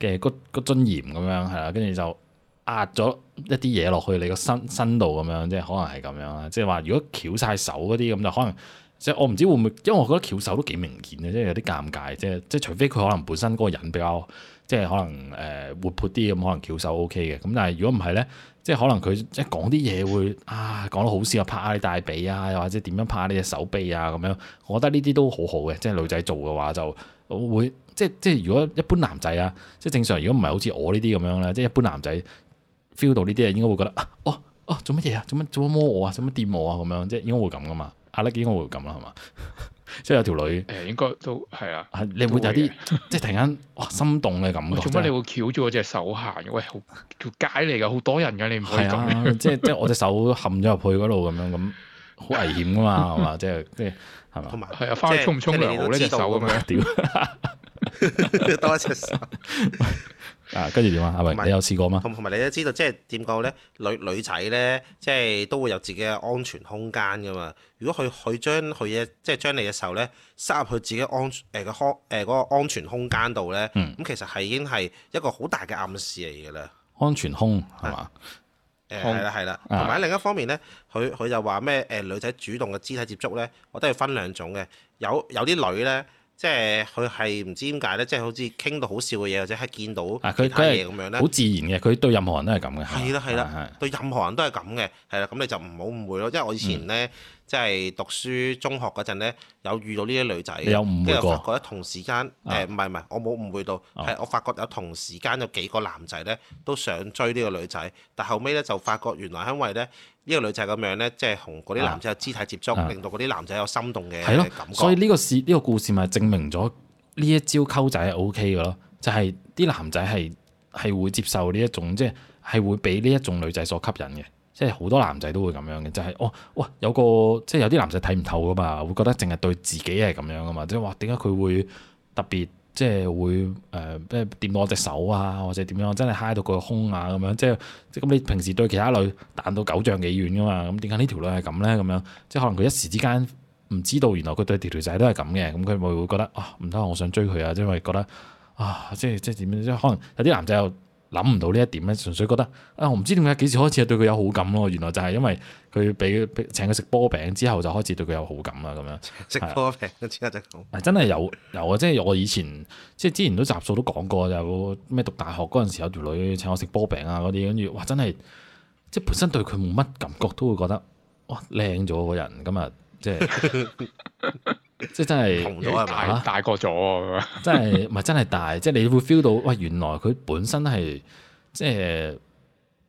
嘅嗰嗰樽鹽咁樣係啦，跟住就壓咗一啲嘢落去你個身身度咁樣，即係可能係咁樣啦。即係話如果翹晒手嗰啲咁就可能。即我唔知會唔會，因為我覺得翹手都幾明顯嘅，即係有啲尷尬。即係即係，除非佢可能本身嗰個人比較，即係可能誒、呃、活潑啲咁，可能翹手 OK 嘅。咁但係如果唔係咧，即係可能佢即係講啲嘢會啊講得好笑，拍下你大髀啊，又或者點樣拍下你隻手臂啊咁樣。我覺得呢啲都好好嘅，即係女仔做嘅話就會即即係如果一般男仔啊，即係正常如果唔係好似我呢啲咁樣咧，即係一般男仔 feel 到呢啲啊，應該會覺得哦哦做乜嘢啊？哦哦、做乜做乜摸我啊？做乜掂我啊？咁樣即係應該會咁噶嘛。下咧應該會咁啦，係嘛？ <laughs> 即係有條女誒、欸，應該都係啊。你會有啲會 <laughs> 即係突然間哇，心動嘅感覺。做乜你會翹住我隻手行嘅？喂，條街嚟嘅，好多人嘅，你唔可以咁。係啊，即係即係我隻手冚咗入去嗰度咁樣咁，好危險噶嘛，係嘛 <laughs> 吧？即係即係係嘛？同埋係啊，翻去沖唔沖涼咧？隻手咁樣屌，多一隻手。 <laughs> <laughs> 啊，跟住點啊？係咪你有試過嗎？同同埋你都知道，即係點講咧？女女仔咧，即係都會有自己嘅安全空間噶嘛。如果佢佢將佢嘅即係將你嘅手咧，塞入佢自己安誒、呃嗰個空誒嗰安全空間度咧，咁、嗯、其實係已經係一個好大嘅暗示嚟嘅啦。安全空係嘛？誒係啦係啦，同埋另一方面咧，佢佢就話咩？誒、呃、女仔主動嘅肢體接觸咧，我都要分兩種嘅。有有啲女咧。即係佢係唔知點解咧，即係好似傾到好笑嘅嘢，或者係見到其他嘢咁樣咧，好自然嘅。佢對任何人都係咁嘅。係啦係啦，對任何人都係咁嘅。係啦，咁你就唔好誤會咯。因為我以前咧。嗯即係讀書中學嗰陣咧，有遇到呢啲女仔，跟住又發覺一同時間，誒唔係唔係，我冇誤會到，係、啊、我發覺有同時間有幾個男仔呢都想追呢個女仔，但後尾呢，就發覺原來因為咧呢、這個女仔咁樣呢，即係同嗰啲男仔有肢體接觸，啊、令到嗰啲男仔有心動嘅，係咯、啊，所以呢個事呢、這個故事咪證明咗呢一招溝仔係 O K 嘅咯，就係、是、啲男仔係係會接受呢一種，即係係會俾呢一種女仔所吸引嘅。即係好多男仔都會咁樣嘅，就係、是、哦，哇有個即係、就是、有啲男仔睇唔透噶嘛，會覺得淨係對自己係咁樣噶嘛，即係話點解佢會特別即係、就是、會誒咩掂我隻手啊，或者點樣真係嗨到佢個胸啊咁樣，即係即咁你平時對其他女彈到九丈幾遠噶嘛，咁點解呢條女係咁咧咁樣？即係可能佢一時之間唔知道，原來佢對條條仔都係咁嘅，咁佢咪會覺得啊唔通我想追佢啊，即、就是、因為覺得啊即係即係點樣即係可能有啲男仔又。諗唔到呢一點咧，純粹覺得啊，我、哦、唔知點解幾時開始對佢有好感咯，原來就係因為佢俾請佢食波餅之後就開始對佢有好感啦，咁樣食波餅之後就係真係是 <laughs> 有有啊，即係我以前即係之前都集數都講過，有咩讀大學嗰陣時有條女請我食波餅啊嗰啲，跟住哇真係即係本身對佢冇乜感覺都會覺得哇靚咗個人咁啊，即係。 <laughs> <laughs> 即係真係大咗大個咗咁啊！真係唔係真係大，即係 <laughs> 你會 feel 到，喂，原來佢本身係即係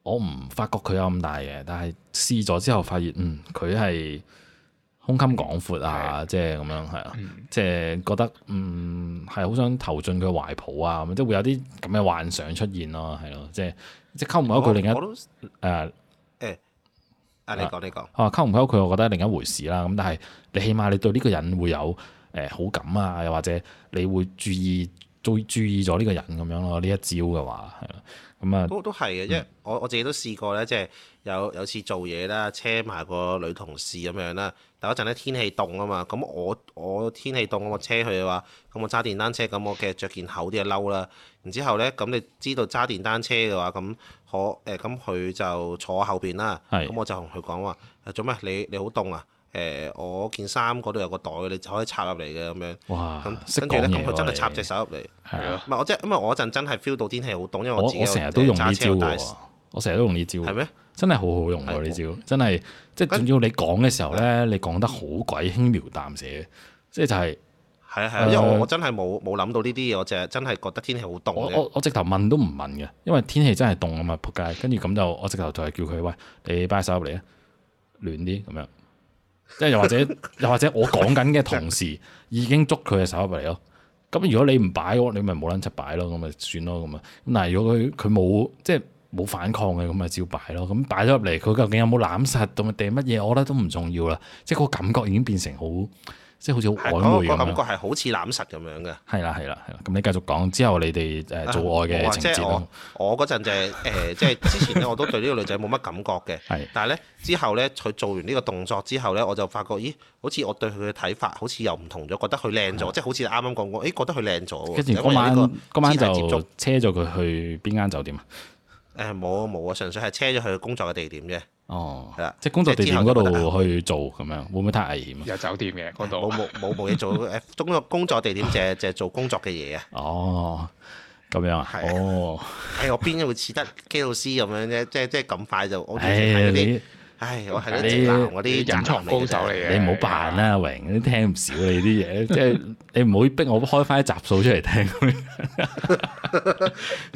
我唔發覺佢有咁大嘅，但係試咗之後發現，嗯，佢係胸襟廣闊啊，即係咁樣係啊，即係覺得嗯係好想投進佢懷抱啊，咁即係會有啲咁嘅幻想出現咯，係咯、就係，即係即係溝唔溝佢另一誒誒。啊！你講你講，啊溝唔溝佢，我覺得係另一回事啦。咁但係你起碼你對呢個人會有誒、呃、好感啊，又或者你會注意注注意咗呢個人咁樣咯。呢一招嘅話，係啦，咁、嗯、啊都都係嘅，因為我我自己都試過咧，即係有有次做嘢啦，車埋個女同事咁樣啦。但一陣咧，天氣凍啊嘛，咁我我天氣凍，我車佢嘅話，咁我揸電單車，咁我其實着件厚啲嘅褸啦。然之後咧，咁你知道揸電單車嘅話，咁。可誒咁佢就坐後邊啦，咁我就同佢講話：做咩？你你好凍啊！誒我件衫嗰度有個袋，你就可以插入嚟嘅咁樣。哇！咁跟住咧，咁佢真係插隻手入嚟。係咯，唔係我即係因為我嗰陣真係 feel 到天氣好凍，因為我我成日都用呢招喎。我成日都用呢招。係咩？真係好好用喎呢招，真係即係主要你講嘅時候咧，你講得好鬼輕描淡寫即係就係。係係，因為我真係冇冇諗到呢啲嘢，我就係真係覺得天氣好凍，我我，我直頭問都唔問嘅，因為天氣真係凍啊嘛仆街。跟住咁就我直頭就係叫佢喂，你擺手入嚟啊，暖啲咁樣。即係又或者 <laughs> 又或者我講緊嘅同時，已經捉佢嘅手入嚟咯。咁如果你唔擺你咪冇撚出擺咯，咁咪算咯咁啊。嗱，但如果佢佢冇即係冇反抗嘅，咁咪照擺咯。咁擺咗入嚟，佢究竟有冇攬實定定乜嘢，我覺得都唔重要啦。即係個感覺已經變成好。即係好似曖昧咁我感覺係好似攬實咁樣嘅。係啦，係啦，係啦。咁你繼續講之後，你哋誒做愛嘅情節咯、啊。我嗰陣就誒、係，即係之前咧，我都對呢個女仔冇乜感覺嘅。係 <laughs> 的。但係咧，之後咧，佢做完呢個動作之後咧，我就發覺，咦，好似我對佢嘅睇法好似又唔同咗，覺得佢靚咗，即係的好似啱啱講過，誒，覺得佢靚咗。跟住嗰晚，嗰晚就車咗佢去邊間酒店啊？誒冇啊冇啊，純粹係車咗去工作嘅地點啫。哦，係啦的，即係工作地點嗰度去做咁樣，會唔會太危險啊？有酒店嘅、啊，嗰度冇冇冇冇嘢做誒，總之 <laughs> 工作地點就係就係做工作嘅嘢啊。哦，咁樣啊？係的哦，誒、哎、我邊會似得基老師咁樣啫？ <laughs> 即即咁快就我之啲。哎唉，我係啲隱藏高手嚟嘅，你唔好扮啦，阿的、啊、榮，你聽唔少你啲嘢，即係 <laughs> 你唔好逼我開翻一集數出嚟聽。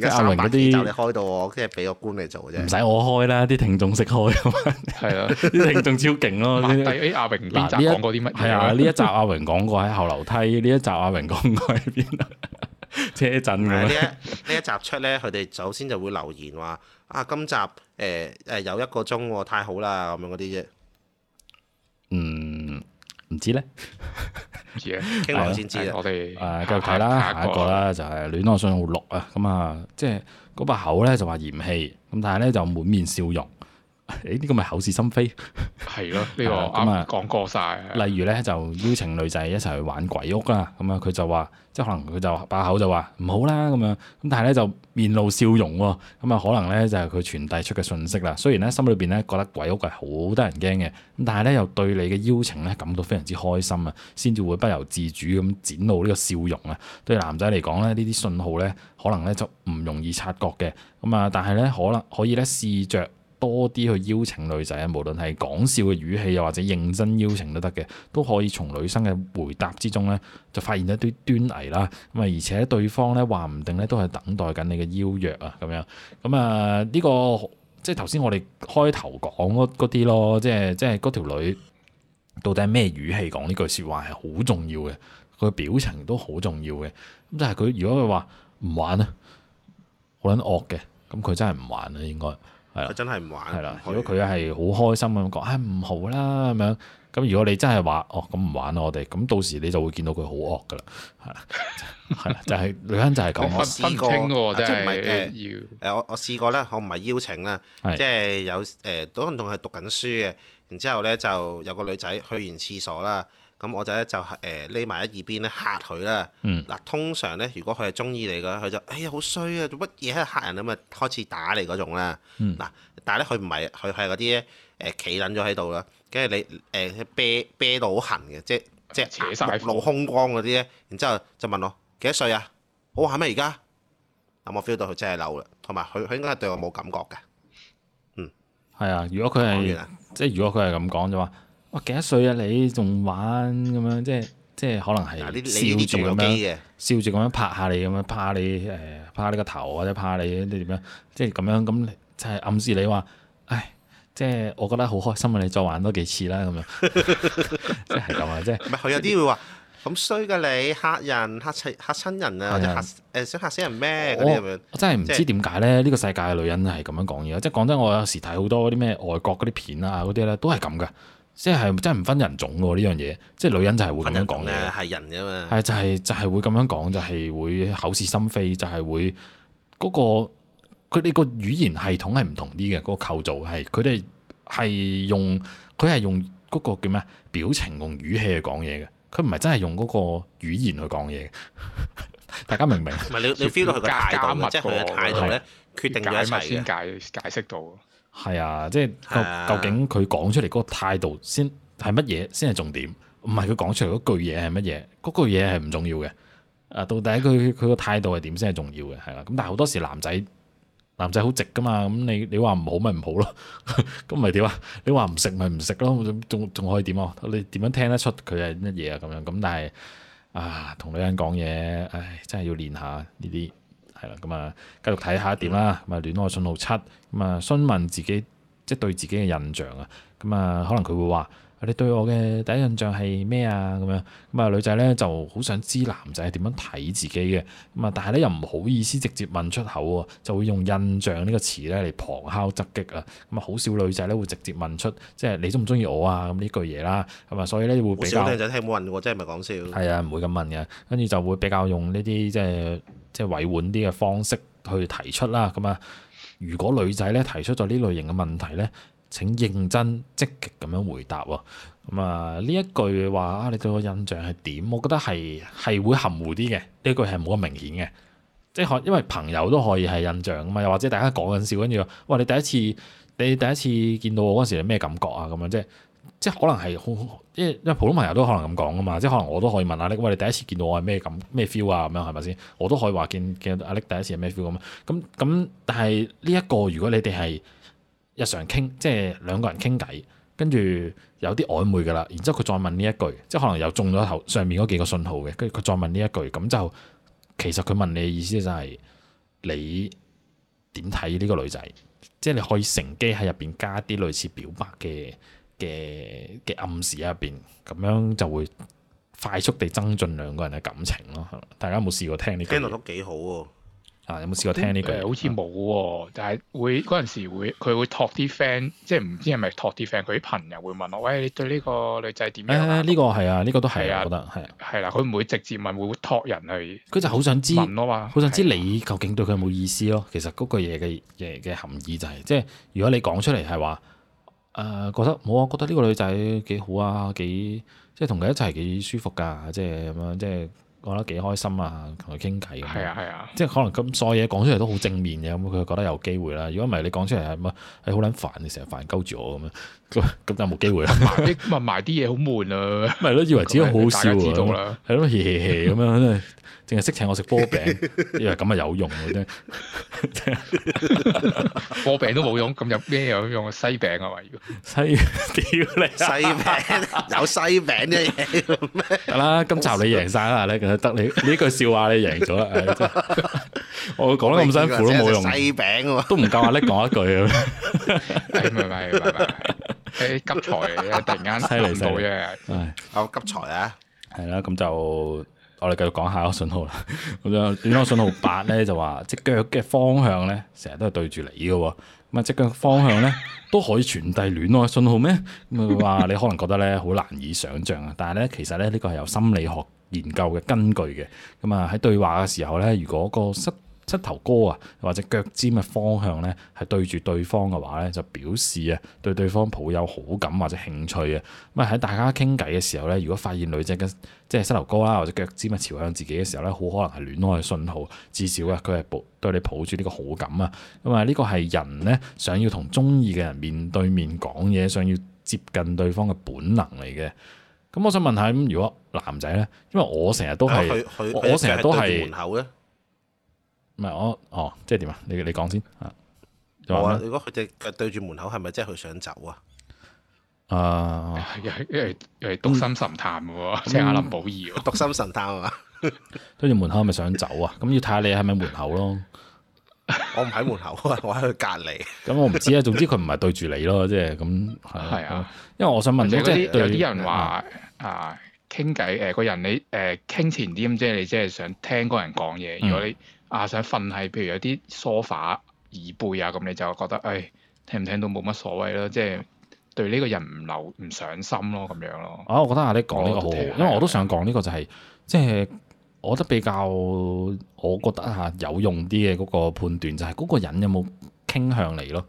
阿榮嗰啲，你開到我即係俾個官嚟做啫。唔使我開啦，啲聽眾識開，係啊，啲聽眾超勁咯。第阿榮嗱呢一集講過啲乜？係啊，呢一集阿榮講過喺後樓梯，呢 <laughs> 一集阿榮講過喺邊啊？ <laughs> 車震啊！呢一呢一集出咧，佢哋首先就會留言話，啊，今集誒誒、呃呃、有一個鐘，太好啦，咁樣嗰啲啫。嗯，唔知咧，唔 <laughs> 知傾完先知啦。我哋誒，繼續睇啦，下一個啦，就係戀愛訊號囉啊。咁啊，即係嗰把口咧就話嫌棄，咁但係咧就滿面笑容。誒，呢、這個咪口是心非係咯？呢、這個啱講、 <laughs> 嗯嗯、過晒。例如咧，就邀請女仔一齊去玩鬼屋啦。咁、嗯、啊，佢就話即係可能佢就把口就話唔好啦咁樣。咁但係咧就面露笑容喎、哦。咁、嗯、啊，可能咧就係、是、佢傳遞出嘅訊息啦。雖然咧心裏邊咧覺得鬼屋係好得人驚嘅，咁但係咧又對你嘅邀請咧感到非常之開心啊，先至會不由自主咁展露呢個笑容啊。對男仔嚟講咧，呢啲信號咧可能咧就唔容易察覺嘅。咁啊，但係咧可能可以咧試着，多啲去邀請女仔啊，無論係講笑嘅語氣，又或者認真邀請都得嘅，都可以從女生嘅回答之中呢，就發現一啲端倪啦。咁啊，而且對方呢，話唔定呢都係等待緊你嘅邀約啊。咁樣咁啊，呢個即係頭先我哋開頭講嗰啲咯，即係即係嗰條女到底咩語氣講呢句説話係好重要嘅，佢表情都好重要嘅。咁但係佢如果佢話唔玩啊，好撚惡嘅，咁佢真係唔玩啊，應該。係，真係唔玩。係啦的，如果佢係好開心咁講，唉、哎、唔好啦咁樣。咁如果你真係話，哦咁唔玩啦，我哋咁到時你就會見到佢好惡噶啦。係啦，係啦， <laughs> 就係、是、 <laughs> 女人就係咁、 <laughs> 呃。我試過即係誒，我我試過啦，我唔係邀請啦，的即係有誒，嗰陣仲係讀緊書嘅。然之後咧就有個女仔去完廁所啦。咁我就咧就係匿埋喺耳邊咧嚇佢啦。嗱、嗯，通常咧如果佢係中意你嘅，佢就哎呀好衰啊，做乜嘢啊嚇人啊，咁啊開始打你嗰種啦。嗱、嗯，但係咧佢唔係佢係嗰啲咧企撚咗喺度啦，跟住你誒啤啤到好痕嘅，即即踩晒，露空光嗰啲咧。叟然之後就問我幾多歲啊？好，話咩而家，咁我 feel 到佢真係老啦，同埋佢佢應該係對我冇感覺嘅。嗯，係啊，如果佢係即係如果佢係咁講嘅話。哇！幾多歲啊你？你仲玩咁樣，即係即係可能係笑住咁樣笑住咁樣拍下你咁樣，拍你誒，拍你個頭或者拍下你，你點、欸、樣？即係咁樣咁，即係、嗯就是、暗示你話，唉，即係我覺得好開心啊！你再玩多幾次啦，咁樣即係咁啊！即係唔係佢有啲會話咁衰噶？你嚇人嚇親嚇人啊！嚇誒的想嚇死人咩？啲咁樣，些我真係唔知點解咧？呢、就是、個世界嘅女人係咁樣、就是、講嘢即係講真，我有時睇好多啲咩外國嗰啲片啊，嗰啲咧都係咁嘅。 <laughs> <laughs> 即係真係唔分人種喎，呢樣嘢，即係女人就係會咁樣講嘢，係人嘅嘛，係就係就係會咁樣講，就係會口是心非，就係會嗰個佢呢個語言系統係唔同啲嘅，嗰個構造係佢哋係用佢係用嗰個叫咩表情同語氣去講嘢嘅，佢唔係真係用嗰個語言去講嘢。大家明唔明？唔係 <laughs> 你你 feel 到佢嘅態度，即係佢嘅態度咧， <laughs> 決定一齊先解解釋到。係啊，即係究竟佢講出嚟嗰個態度先係乜嘢先係重點，唔係佢講出嚟嗰句嘢係乜嘢，嗰句嘢係唔重要嘅。啊，到底佢佢個態度係點先係重要嘅，係啦、啊。咁但係好多時男仔男仔好直噶嘛，咁你你話唔好咪唔好咯，咁咪點啊？你話唔食咪唔食咯，仲仲可以點啊？你點樣聽得出佢係乜嘢啊？咁樣咁但係啊，同女人講嘢，唉，真係要練下呢啲。係啦，咁啊、嗯，繼續睇下一點啦。咁啊，戀愛信號七，咁啊，詢問自己，即係對自己嘅印象啊。咁啊，可能佢會話：你對我嘅第一印象係咩啊？咁樣咁啊，女仔咧就好想知男仔係點樣睇自己嘅。咁啊，但係咧又唔好意思直接問出口喎，就會用印象呢個詞咧嚟旁敲側擊啊。咁啊，好少女仔咧會直接問出，即係你中唔中意我啊？咁呢句嘢啦，咁啊，所以咧會比較仔聽冇人喎，即係唔係講笑？係啊，唔會咁問嘅。跟住就會比較用呢啲即係。即係委婉啲嘅方式去提出啦，咁啊，如果女仔咧提出咗呢類型嘅問題咧，請認真積極咁樣回答喎。咁啊，呢一句話啊，你對我印象係點？我覺得係係會含糊啲嘅，呢句係冇咁明顯嘅，即係可因為朋友都可以係印象啊嘛，又或者大家講緊笑，跟住哇，你第一次你第一次見到我嗰陣時係咩感覺啊？咁樣即係。即係可能係好，因為因為普通朋友都可能咁講㗎嘛。即係可能我都可以問阿 n 喂，你第一次見到我係咩咁咩 feel 啊？咁樣係咪先？我都可以話見見阿 n 第一次係咩 feel 咁。咁咁，但係呢一個如果你哋係日常傾，即係兩個人傾偈，跟住有啲曖昧噶啦。然之後佢再問呢一句，即係可能又中咗頭上面嗰幾個訊號嘅。跟住佢再問呢一句，咁就其實佢問你嘅意思就係、是、你點睇呢個女仔？即係你可以乘機喺入邊加啲類似表白嘅。嘅嘅暗示喺入邊，咁樣就會快速地增進兩個人嘅感情咯。大家有冇試過聽呢句？聽到都幾好啊！有冇試過聽呢句？好似冇喎，但係會嗰陣時會佢會託啲 friend，即係唔知係咪託啲 friend，佢啲朋友會問我：，喂，你對呢個女仔點樣？誒，呢個係啊，呢個都係，我覺得係。係啦，佢唔會直接問，會託人去。佢就好想知，咯嘛？好想知你究竟對佢有冇意思咯？其實嗰個嘢嘅嘅嘅含義就係，即係如果你講出嚟係話。誒，覺得冇啊，覺得呢個女仔幾好啊，幾即係同佢一齊幾舒服噶，即係咁樣，即係覺得幾開心啊，同佢傾偈。係啊係啊，即係可能咁所有嘢講出嚟都好正面嘅，咁佢覺得有機會啦。如果唔係你講出嚟咁啊，你好撚煩，你成日煩鳩住我咁樣，咁就冇機會啦。問埋啲嘢好悶啊，咪咯，以為自己好好笑啊，係咯，嘻嘻嘻咁樣。淨係識請我食波餅，因為咁啊有用嘅啫。波餅都冇用，咁有咩有用？西餅啊嘛，如果西屌你西餅有西餅嘅嘢咩？係啦，今集你贏晒啦，你得你呢句笑話你贏咗啦。我講得咁辛苦都冇用，西餅都唔夠我叻講一句嘅咩？哎，拜拜拜拜，哎，急才啊！突然間犀利到啫，好急才啊！係啦，咁就。我哋繼續講下個信號啦。咁樣戀愛信號八咧，就話，隻腳嘅方向咧成日都係對住你噶喎。咁啊，隻腳方向咧都可以傳遞戀愛信號咩？咁啊，話你可能覺得咧好難以想象啊。但係咧，其實咧呢個係有心理學研究嘅根據嘅。咁啊，喺對話嘅時候咧，如果個失膝頭哥啊，或者腳尖嘅方向呢，係對住對方嘅話呢，就表示啊，對對方抱有好感或者興趣啊。咁喺大家傾偈嘅時候呢，如果發現女仔嘅即係膝頭哥啦，或者腳尖咪朝向自己嘅時候呢，好可能係戀愛嘅信號。至少啊，佢係抱對你抱住呢個好感啊。咁啊，呢個係人呢，想要同中意嘅人面對面講嘢，想要接近對方嘅本能嚟嘅。咁我想問下，咁如果男仔呢，因為我成日都係，啊、我成日都係唔係我哦，即係點啊？你你講先吓。如果佢隻腳對住門口，係咪即係佢想走啊？啊，係係係係讀心神探喎，即係阿林保怡喎，讀心神探啊嘛。對住門口係咪想走啊？咁要睇下你係咪門口咯。我唔喺門口，我喺佢隔籬。咁我唔知啊，總之佢唔係對住你咯，即係咁係啊。因為我想問你，有啲人話啊，傾偈誒，個人你誒，傾前啲咁，即係你即係想聽嗰人講嘢，如果你。啊！想瞓係，譬如有啲梳化椅背啊，咁你就覺得，唉、哎，聽唔聽到冇乜所謂啦，即係對呢個人唔留唔上心咯，咁樣咯。啊！我覺得啊，你講呢個好，因為我都想講呢個就係、是，即、就、係、是、我覺得比較，我覺得啊有用啲嘅嗰個判斷就係嗰個人有冇傾向嚟咯，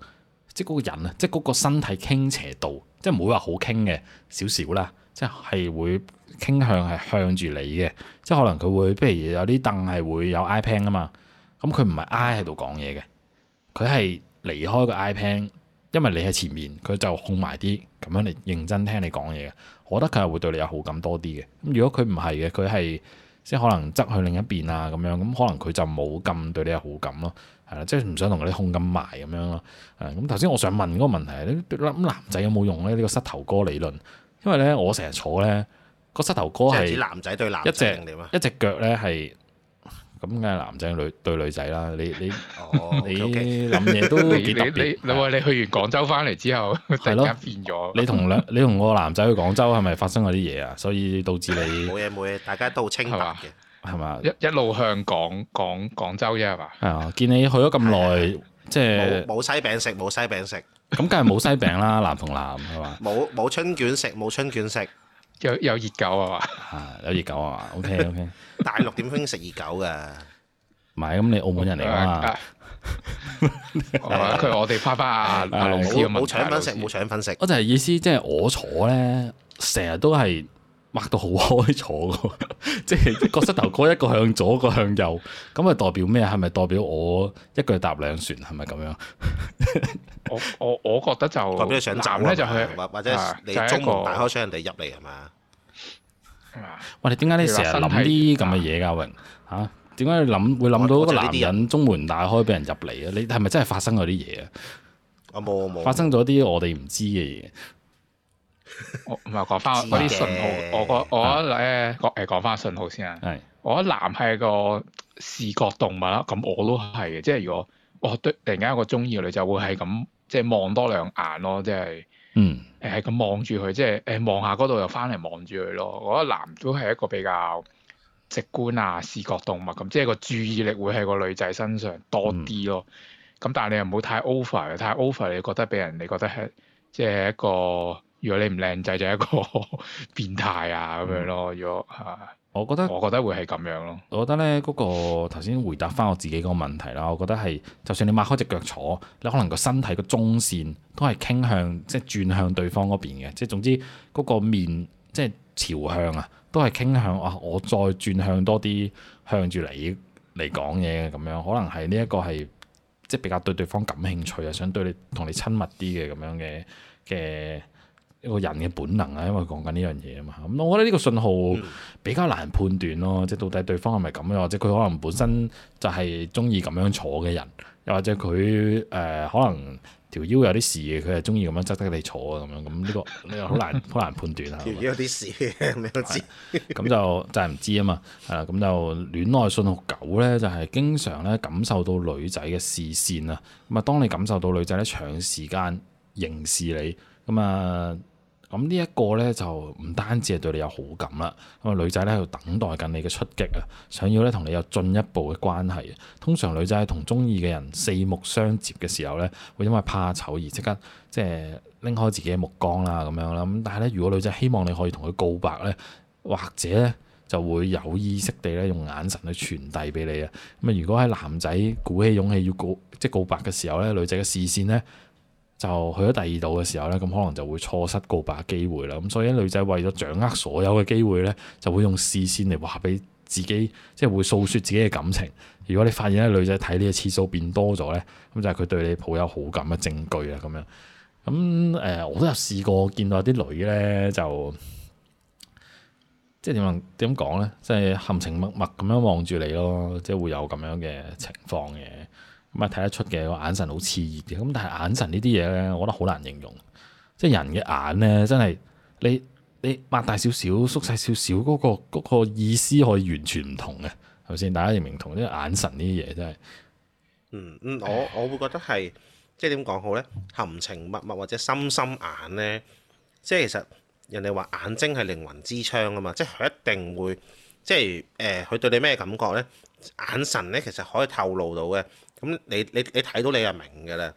即係嗰個人啊，即係嗰個身體傾斜度，即係唔會話好傾嘅，少少啦。即係會傾向係向住你嘅，即係可能佢會，譬如有啲凳係會有 iPad 噶嘛，咁佢唔係挨喺度講嘢嘅，佢係離開個 iPad，因為你喺前面，佢就控埋啲咁樣嚟認真聽你講嘢嘅。我覺得佢係會對你有好感多啲嘅。咁如果佢唔係嘅，佢係即係可能側去另一邊啊咁樣，咁可能佢就冇咁對你有好感咯、啊，係啦，即係唔想同你控咁埋咁樣咯。誒，咁頭先我想問嗰個問題，你諗男仔有冇用咧？呢、呢個膝頭哥理論。因為咧，我成日坐咧，個膝頭哥係指男仔對男仔，一隻腳咧係咁梗係男仔女對女仔啦。你你你諗嘢都幾特別。你你去完廣州翻嚟之後，突然間變咗。你同兩你同嗰個男仔去廣州係咪發生嗰啲嘢啊？所以導致你冇嘢冇嘢，大家都好清白嘅，係嘛？一一路向港廣廣州啫係嘛？係啊，見你去咗咁耐，即係冇西餅食，冇西餅食。咁梗係冇西餅啦，南同南係嘛？冇冇春卷食，冇春捲食。有有熱狗係嘛？啊，有熱狗啊，OK OK。大陸點興食熱狗噶？唔係，咁你澳門人嚟嘛？佢我哋花花，大陸冇冇腸粉食，冇腸粉食。我就係意思，即係我坐咧，成日都係。擘到好開坐嘅，即係個膝頭哥一個向左， <laughs> 一個向右，咁啊代表咩？係咪代表我一腳踏兩船？係咪咁樣？我我我覺得就代表想斬啦，就是、或者你中門大開，想人哋入嚟係嘛？喂、就是，你點解你成日諗啲咁嘅嘢㗎，榮？嚇？點解你諗會諗到個男人中門大開俾人入嚟啊？你係咪真係發生咗啲嘢啊？啊冇冇發生咗啲我哋唔知嘅嘢？ <laughs> 我唔係講翻嗰啲信號，我覺我咧講誒講翻信號先啊。我覺得男係個視覺動物啦，咁我都係嘅。即係如果我、哦、突然間有個中意嘅女仔，會係咁即係望多兩眼咯，即係嗯誒，係咁、欸、望住佢，即係誒、欸、望下嗰度，又翻嚟望住佢咯。我覺得男都係一個比較直觀啊，視覺動物咁，即係個注意力會喺個女仔身上多啲咯。咁、嗯、但係你又唔好太 over，太 over，你覺得俾人你覺得係即係一個。如果你唔靚仔，就係、一個 <laughs> 變態啊咁樣咯。嗯、如果、uh，我覺得我覺得會係咁樣咯、嗰個。我覺得呢嗰個頭先回答翻我自己個問題啦。我覺得係，就算你擘開隻腳坐，你可能個身體個中線都係傾向，即係轉向對方嗰邊嘅。即係總之，嗰、嗰個面即係朝向啊，都係傾向啊。我再轉向多啲，向住你嚟講嘢嘅咁樣，可能係呢一個係，即係比較對對方感興趣啊，想對你同你親密啲嘅咁樣嘅嘅。一個人嘅本能啊，因為講緊呢樣嘢啊嘛，咁我覺得呢個信號比較難判斷咯，嗯、即係到底對方係咪咁樣？或者佢可能本身就係中意咁樣坐嘅人，又、嗯、或者佢誒、呃、可能條腰有啲事，佢係中意咁樣側側地坐啊咁樣。咁呢、呢個呢個好難好難判斷啊！ <laughs> 嗎條腰有啲事，你 <laughs> 都、就是、知，咁就就係唔知啊嘛。係、啊、啦，咁就戀愛信號九咧，就係經常咧感受到女仔嘅視線啊。咁啊，當你感受到女仔咧長時間凝視你，咁啊～啊啊咁呢一個呢，就唔單止係對你有好感啦，咁啊女仔呢，喺度等待緊你嘅出擊啊，想要咧同你有進一步嘅關係。通常女仔同中意嘅人四目相接嘅時候呢，會因為怕醜而即刻即係拎開自己嘅目光啦咁樣啦。咁但係咧，如果女仔希望你可以同佢告白呢，或者呢就會有意識地咧用眼神去傳遞俾你啊。咁啊，如果喺男仔鼓起勇氣要告即告白嘅時候呢，女仔嘅視線呢，就去咗第二度嘅時候呢，咁可能就會錯失告白嘅機會啦。咁所以呢，女仔為咗掌握所有嘅機會呢，就會用視線嚟話俾自己，即係會訴説自己嘅感情。如果你發現呢，女仔睇你嘅次數變多咗呢，咁就係佢對你抱有好感嘅證據啦。咁樣，咁誒、呃，我都有試過見到啲女呢，就即係點樣點講呢？即係含情脈脈咁樣望住你咯，即係會有咁樣嘅情況嘅。咁啊睇得出嘅，個眼神好熾熱嘅。咁但係眼神呢啲嘢咧，我覺得好難形容。即係人嘅眼咧，真係你你擘大少少、縮細少少，嗰個嗰個意思可以完全唔同嘅，係咪先？大家認唔認同？呢個眼神呢啲嘢真係。嗯嗯，我我會覺得係即係點講好咧？含情脈脈或者心心眼咧，即係其實人哋話眼睛係靈魂之窗啊嘛。即係佢一定會即係誒，佢、呃、對你咩感覺咧？眼神咧，其實可以透露到嘅。咁你你你睇到你就明嘅啦，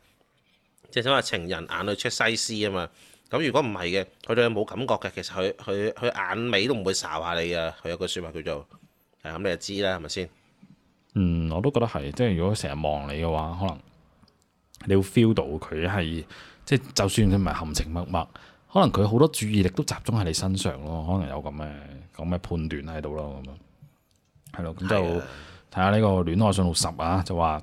即係想話情人眼裏出西施啊嘛。咁如果唔係嘅，佢對你冇感覺嘅，其實佢佢佢眼尾都唔會睄下你噶。佢有句説話叫做，係咁你就知啦，係咪先？嗯，我都覺得係。即係如果成日望你嘅話，可能你會 feel 到佢係，即係就算佢唔係含情脈脈，可能佢好多注意力都集中喺你身上咯。可能有咁嘅咁嘅判斷喺度咯。係咯，咁就。睇下呢個戀愛訊號十啊，就話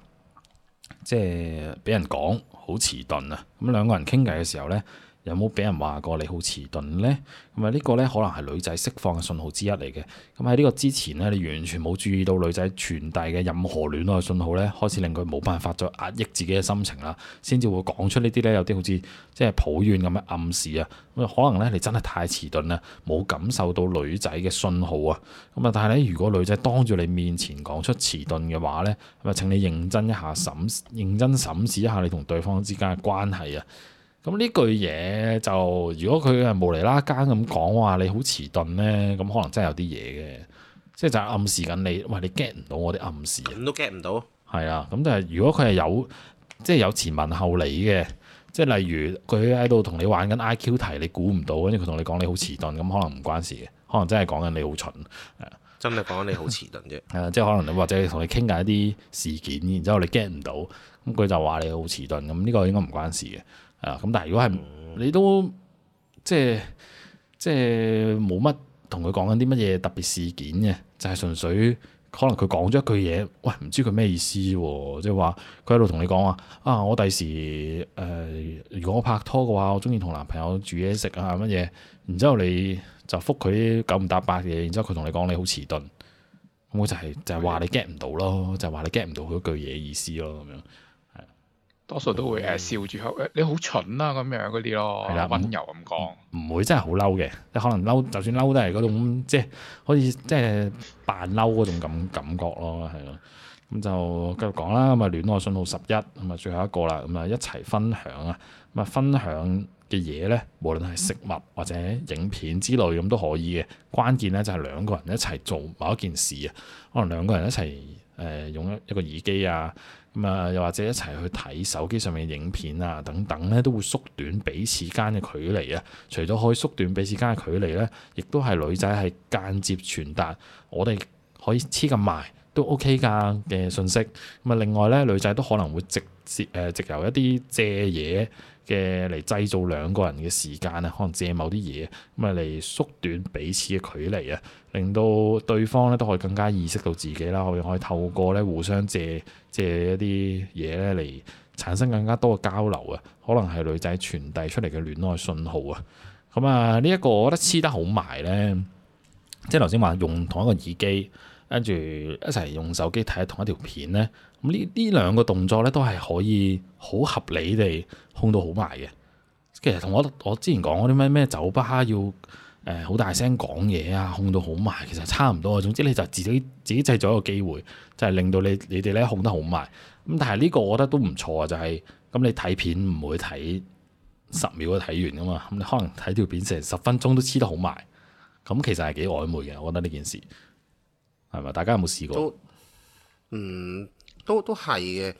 即係俾人講好遲鈍啊！咁兩個人傾偈嘅時候咧。有冇俾人話過你好遲鈍呢？咁啊，呢個呢，可能係女仔釋放嘅信號之一嚟嘅。咁喺呢個之前呢，你完全冇注意到女仔傳遞嘅任何戀愛信號呢，開始令佢冇辦法再壓抑自己嘅心情啦，先至會講出呢啲呢，有啲好似即係抱怨咁嘅暗示啊。咁可能呢，你真係太遲鈍啦，冇感受到女仔嘅信號啊。咁啊，但係呢，如果女仔當住你面前講出遲鈍嘅話呢，咁啊，請你認真一下審，認真審視一下你同對方之間嘅關係啊。咁呢句嘢就，如果佢係無厘啦更咁講話你好遲鈍咧，咁可能真係有啲嘢嘅，即係就係、暗示緊你，喂，你 get 唔到我啲暗示？咁都 get 唔到。係啊，咁但係如果佢係有，即係有前文後理嘅，即係例如佢喺度同你玩緊 I Q 題，你估唔到，跟住佢同你講你好遲鈍，咁可能唔關事嘅，可能真係講緊你好蠢。真係講緊你好遲鈍啫。 <laughs> 即係可能或者同你傾緊一啲事件，然之後你 get 唔到，咁佢就話你好遲鈍，咁呢個應該唔關事嘅。啊，咁但係如果係你都即係即係冇乜同佢講緊啲乜嘢特別事件嘅，就係純粹可能佢講咗一句嘢，喂，唔知佢咩意思喎？即係話佢喺度同你講話啊，我第時誒，如果我拍拖嘅話，我中意同男朋友煮嘢食啊乜嘢，然之後你就覆佢九唔搭八嘅嘢，然之後佢同你講你好遲鈍，我、嗯、就係就係話你 get 唔到咯，就係話你 get 唔到佢句嘢意思咯咁樣。多數都會誒笑住口：嗯「誒，你好蠢啊，咁樣嗰啲咯，係咯，溫柔咁講。唔會真係好嬲嘅，你可能嬲，就算嬲都係嗰種即係可以即係扮嬲嗰種咁感覺咯，係咯。咁就繼續講啦。咁啊，戀愛信號十一，咁啊最後一個啦。咁啊一齊分享啊，咁啊分享嘅嘢咧，無論係食物或者影片之類咁都可以嘅。關鍵咧就係兩個人一齊做某一件事啊，可能兩個人一齊誒、呃、用一一個耳機啊。咁啊，又或者一齊去睇手機上面嘅影片啊，等等咧，都會縮短彼此間嘅距離啊。除咗可以縮短彼此間嘅距離咧，亦都係女仔係間接傳達我哋可以黐咁埋都 OK 㗎嘅信息。咁啊，另外咧，女仔都可能會直接直、呃、由一啲借嘢。嘅嚟製造兩個人嘅時間啊，可能借某啲嘢咁啊嚟縮短彼此嘅距離啊，令到對方咧都可以更加意識到自己啦，可以，可以透過咧互相借借一啲嘢咧嚟產生更加多嘅交流啊，可能係女仔傳遞出嚟嘅戀愛訊號啊，咁啊呢一個我覺得黐得好埋咧，即係頭先話用同一個耳機。跟住一齊用手機睇同一條片呢，咁呢呢兩個動作呢都係可以好合理地控到好埋嘅。其實同我我之前講嗰啲咩咩酒吧要誒好大聲講嘢啊，控到好埋，其實差唔多。總之你就自己自己製造一個機會，就係令到你你哋咧控得好埋。咁但係呢個我覺得都唔錯啊，就係咁你睇片唔會睇十秒就睇完噶嘛。咁你可能睇條片成十分鐘都黐得好埋，咁其實係幾曖昧嘅。我覺得呢件事。係咪？大家有冇試過？都嗯，都都係嘅。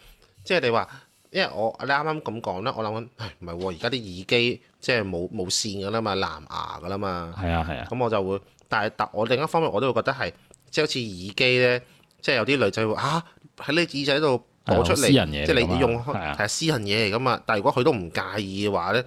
即係你話，因為我你啱啱咁講啦，我諗緊唔係喎。而家啲耳機即係冇冇線噶啦嘛，藍牙噶啦嘛，係啊係啊。咁、嗯、我就會但係但，但我另一方面我都會覺得係即係好似耳機咧，即係有啲女仔會吓喺、啊、你耳仔度攞出嚟，即係你用係啊的，私人嘢嚟噶嘛。但係如果佢都唔介意嘅話咧，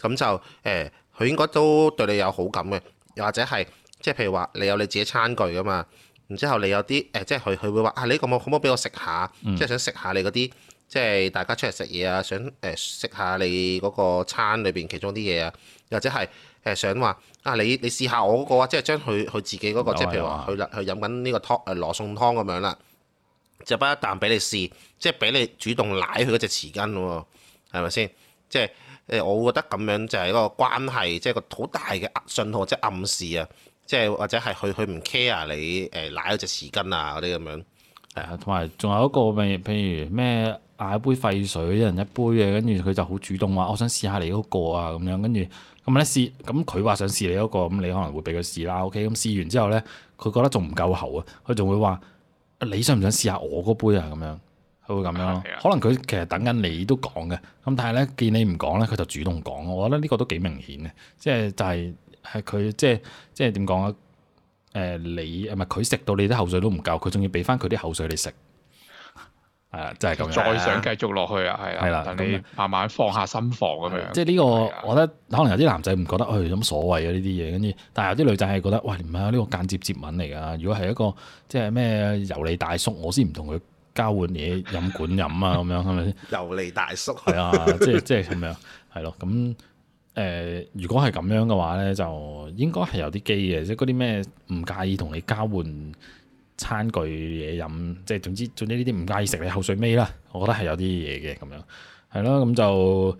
咁就誒，佢、欸、應該都對你有好感嘅，又或者係即係譬如話你有你自己餐具噶嘛。然之後你有啲誒，即係佢佢會話啊，你可唔可以俾我食下，嗯、即係想食下你嗰啲，即係大家出嚟食嘢啊，想誒食下你嗰個餐裏邊其中啲嘢啊，或者係誒想話啊，你你試下我嗰個啊，即係將佢佢自己嗰個，即係、那個嗯嗯、譬如話去啦，佢飲緊呢個湯誒、呃、羅宋湯咁樣啦，就不一啖俾你試，即係俾你主動舐佢嗰隻匙羹喎，係咪先？即係誒我覺得咁樣就係一個關係，即係個好大嘅信號，即係暗示啊！即係或者係佢佢唔 care 你誒攋嗰隻匙羹啊嗰啲咁樣，係啊，同埋仲有一個咪譬如咩嗌一杯沸水一人一杯嘅，跟住佢就好主動話我、哦、想試下你嗰個啊咁樣，跟住咁咧試咁佢話想試你嗰、嗰個咁，你可能會俾佢試啦。O K，咁試完之後咧，佢覺得仲唔夠喉啊，佢仲會話你想唔想試下我嗰杯啊？咁樣，佢會咁樣。的可能佢其實等緊你都講嘅，咁但係咧見你唔講咧，佢就主動講。我覺得呢個都幾明顯嘅，即係就係、係就係。係佢即係即係點講啊？誒，你係咪佢食到你啲口水都唔夠，佢仲要俾翻佢啲口水你食？係啊，就係咁樣。再想繼續落去啊？係啊。係啦，你慢慢放下心防咁樣。即係呢個，我覺得可能有啲男仔唔覺得，誒，有乜所謂啊？呢啲嘢，跟住，但係有啲女仔係覺得，喂，唔係啊，呢個間接接吻嚟噶。如果係一個即係咩油膩大叔，我先唔同佢交換嘢飲管飲啊，咁樣係咪先？油膩大叔。係啊，即係即係咁樣，係咯，咁。誒、呃，如果係咁樣嘅話咧，就應該係有啲機嘅，即係嗰啲咩唔介意同你交換餐具嘢飲，即係總之總之呢啲唔介意食你口水尾啦。我覺得係有啲嘢嘅咁樣係咯。咁就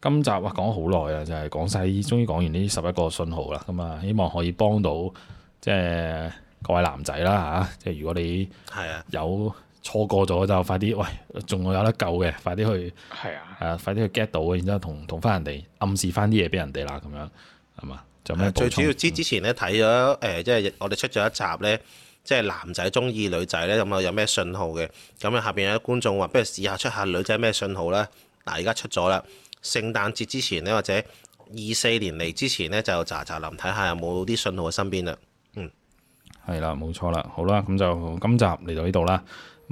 今集啊講咗好耐啊，就係講晒，終於講完呢十一個信號啦。咁、嗯、啊，希望可以幫到即係各位男仔啦吓、啊，即係如果你係啊有。錯過咗就快啲，喂，仲有得救嘅，快啲去，係的啊，誒，快啲去 get 到，啊。然之後同同翻人哋暗示翻啲嘢俾人哋啦，咁樣係嘛？仲有咩？最主要之之前咧睇咗誒，即係我哋出咗一集咧，即係男仔中意女仔咧，咁冇有咩訊號嘅？咁啊，下邊有啲觀眾話，不如試下出下女仔咩訊號啦。嗱，而家出咗啦，聖誕節之前咧，或者二四年嚟之前咧，就查查林睇下有冇啲訊號喺身邊啦。嗯，係啦，冇錯啦，好啦，咁就今集嚟到呢度啦。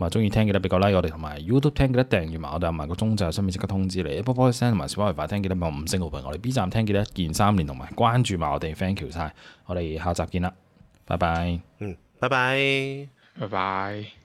話中意聽，記得俾個 like，我哋同埋 YouTube 聽，記得訂閱埋，我哋有埋個鐘就有新面即刻通知你。Apple Podcast 同埋 Spotify 聽，記得俾五星好評。我哋 B 站聽，記得一鍵三連同埋關注埋我哋 Thank You 晒，我哋下集見啦，拜拜。嗯，拜拜，拜拜。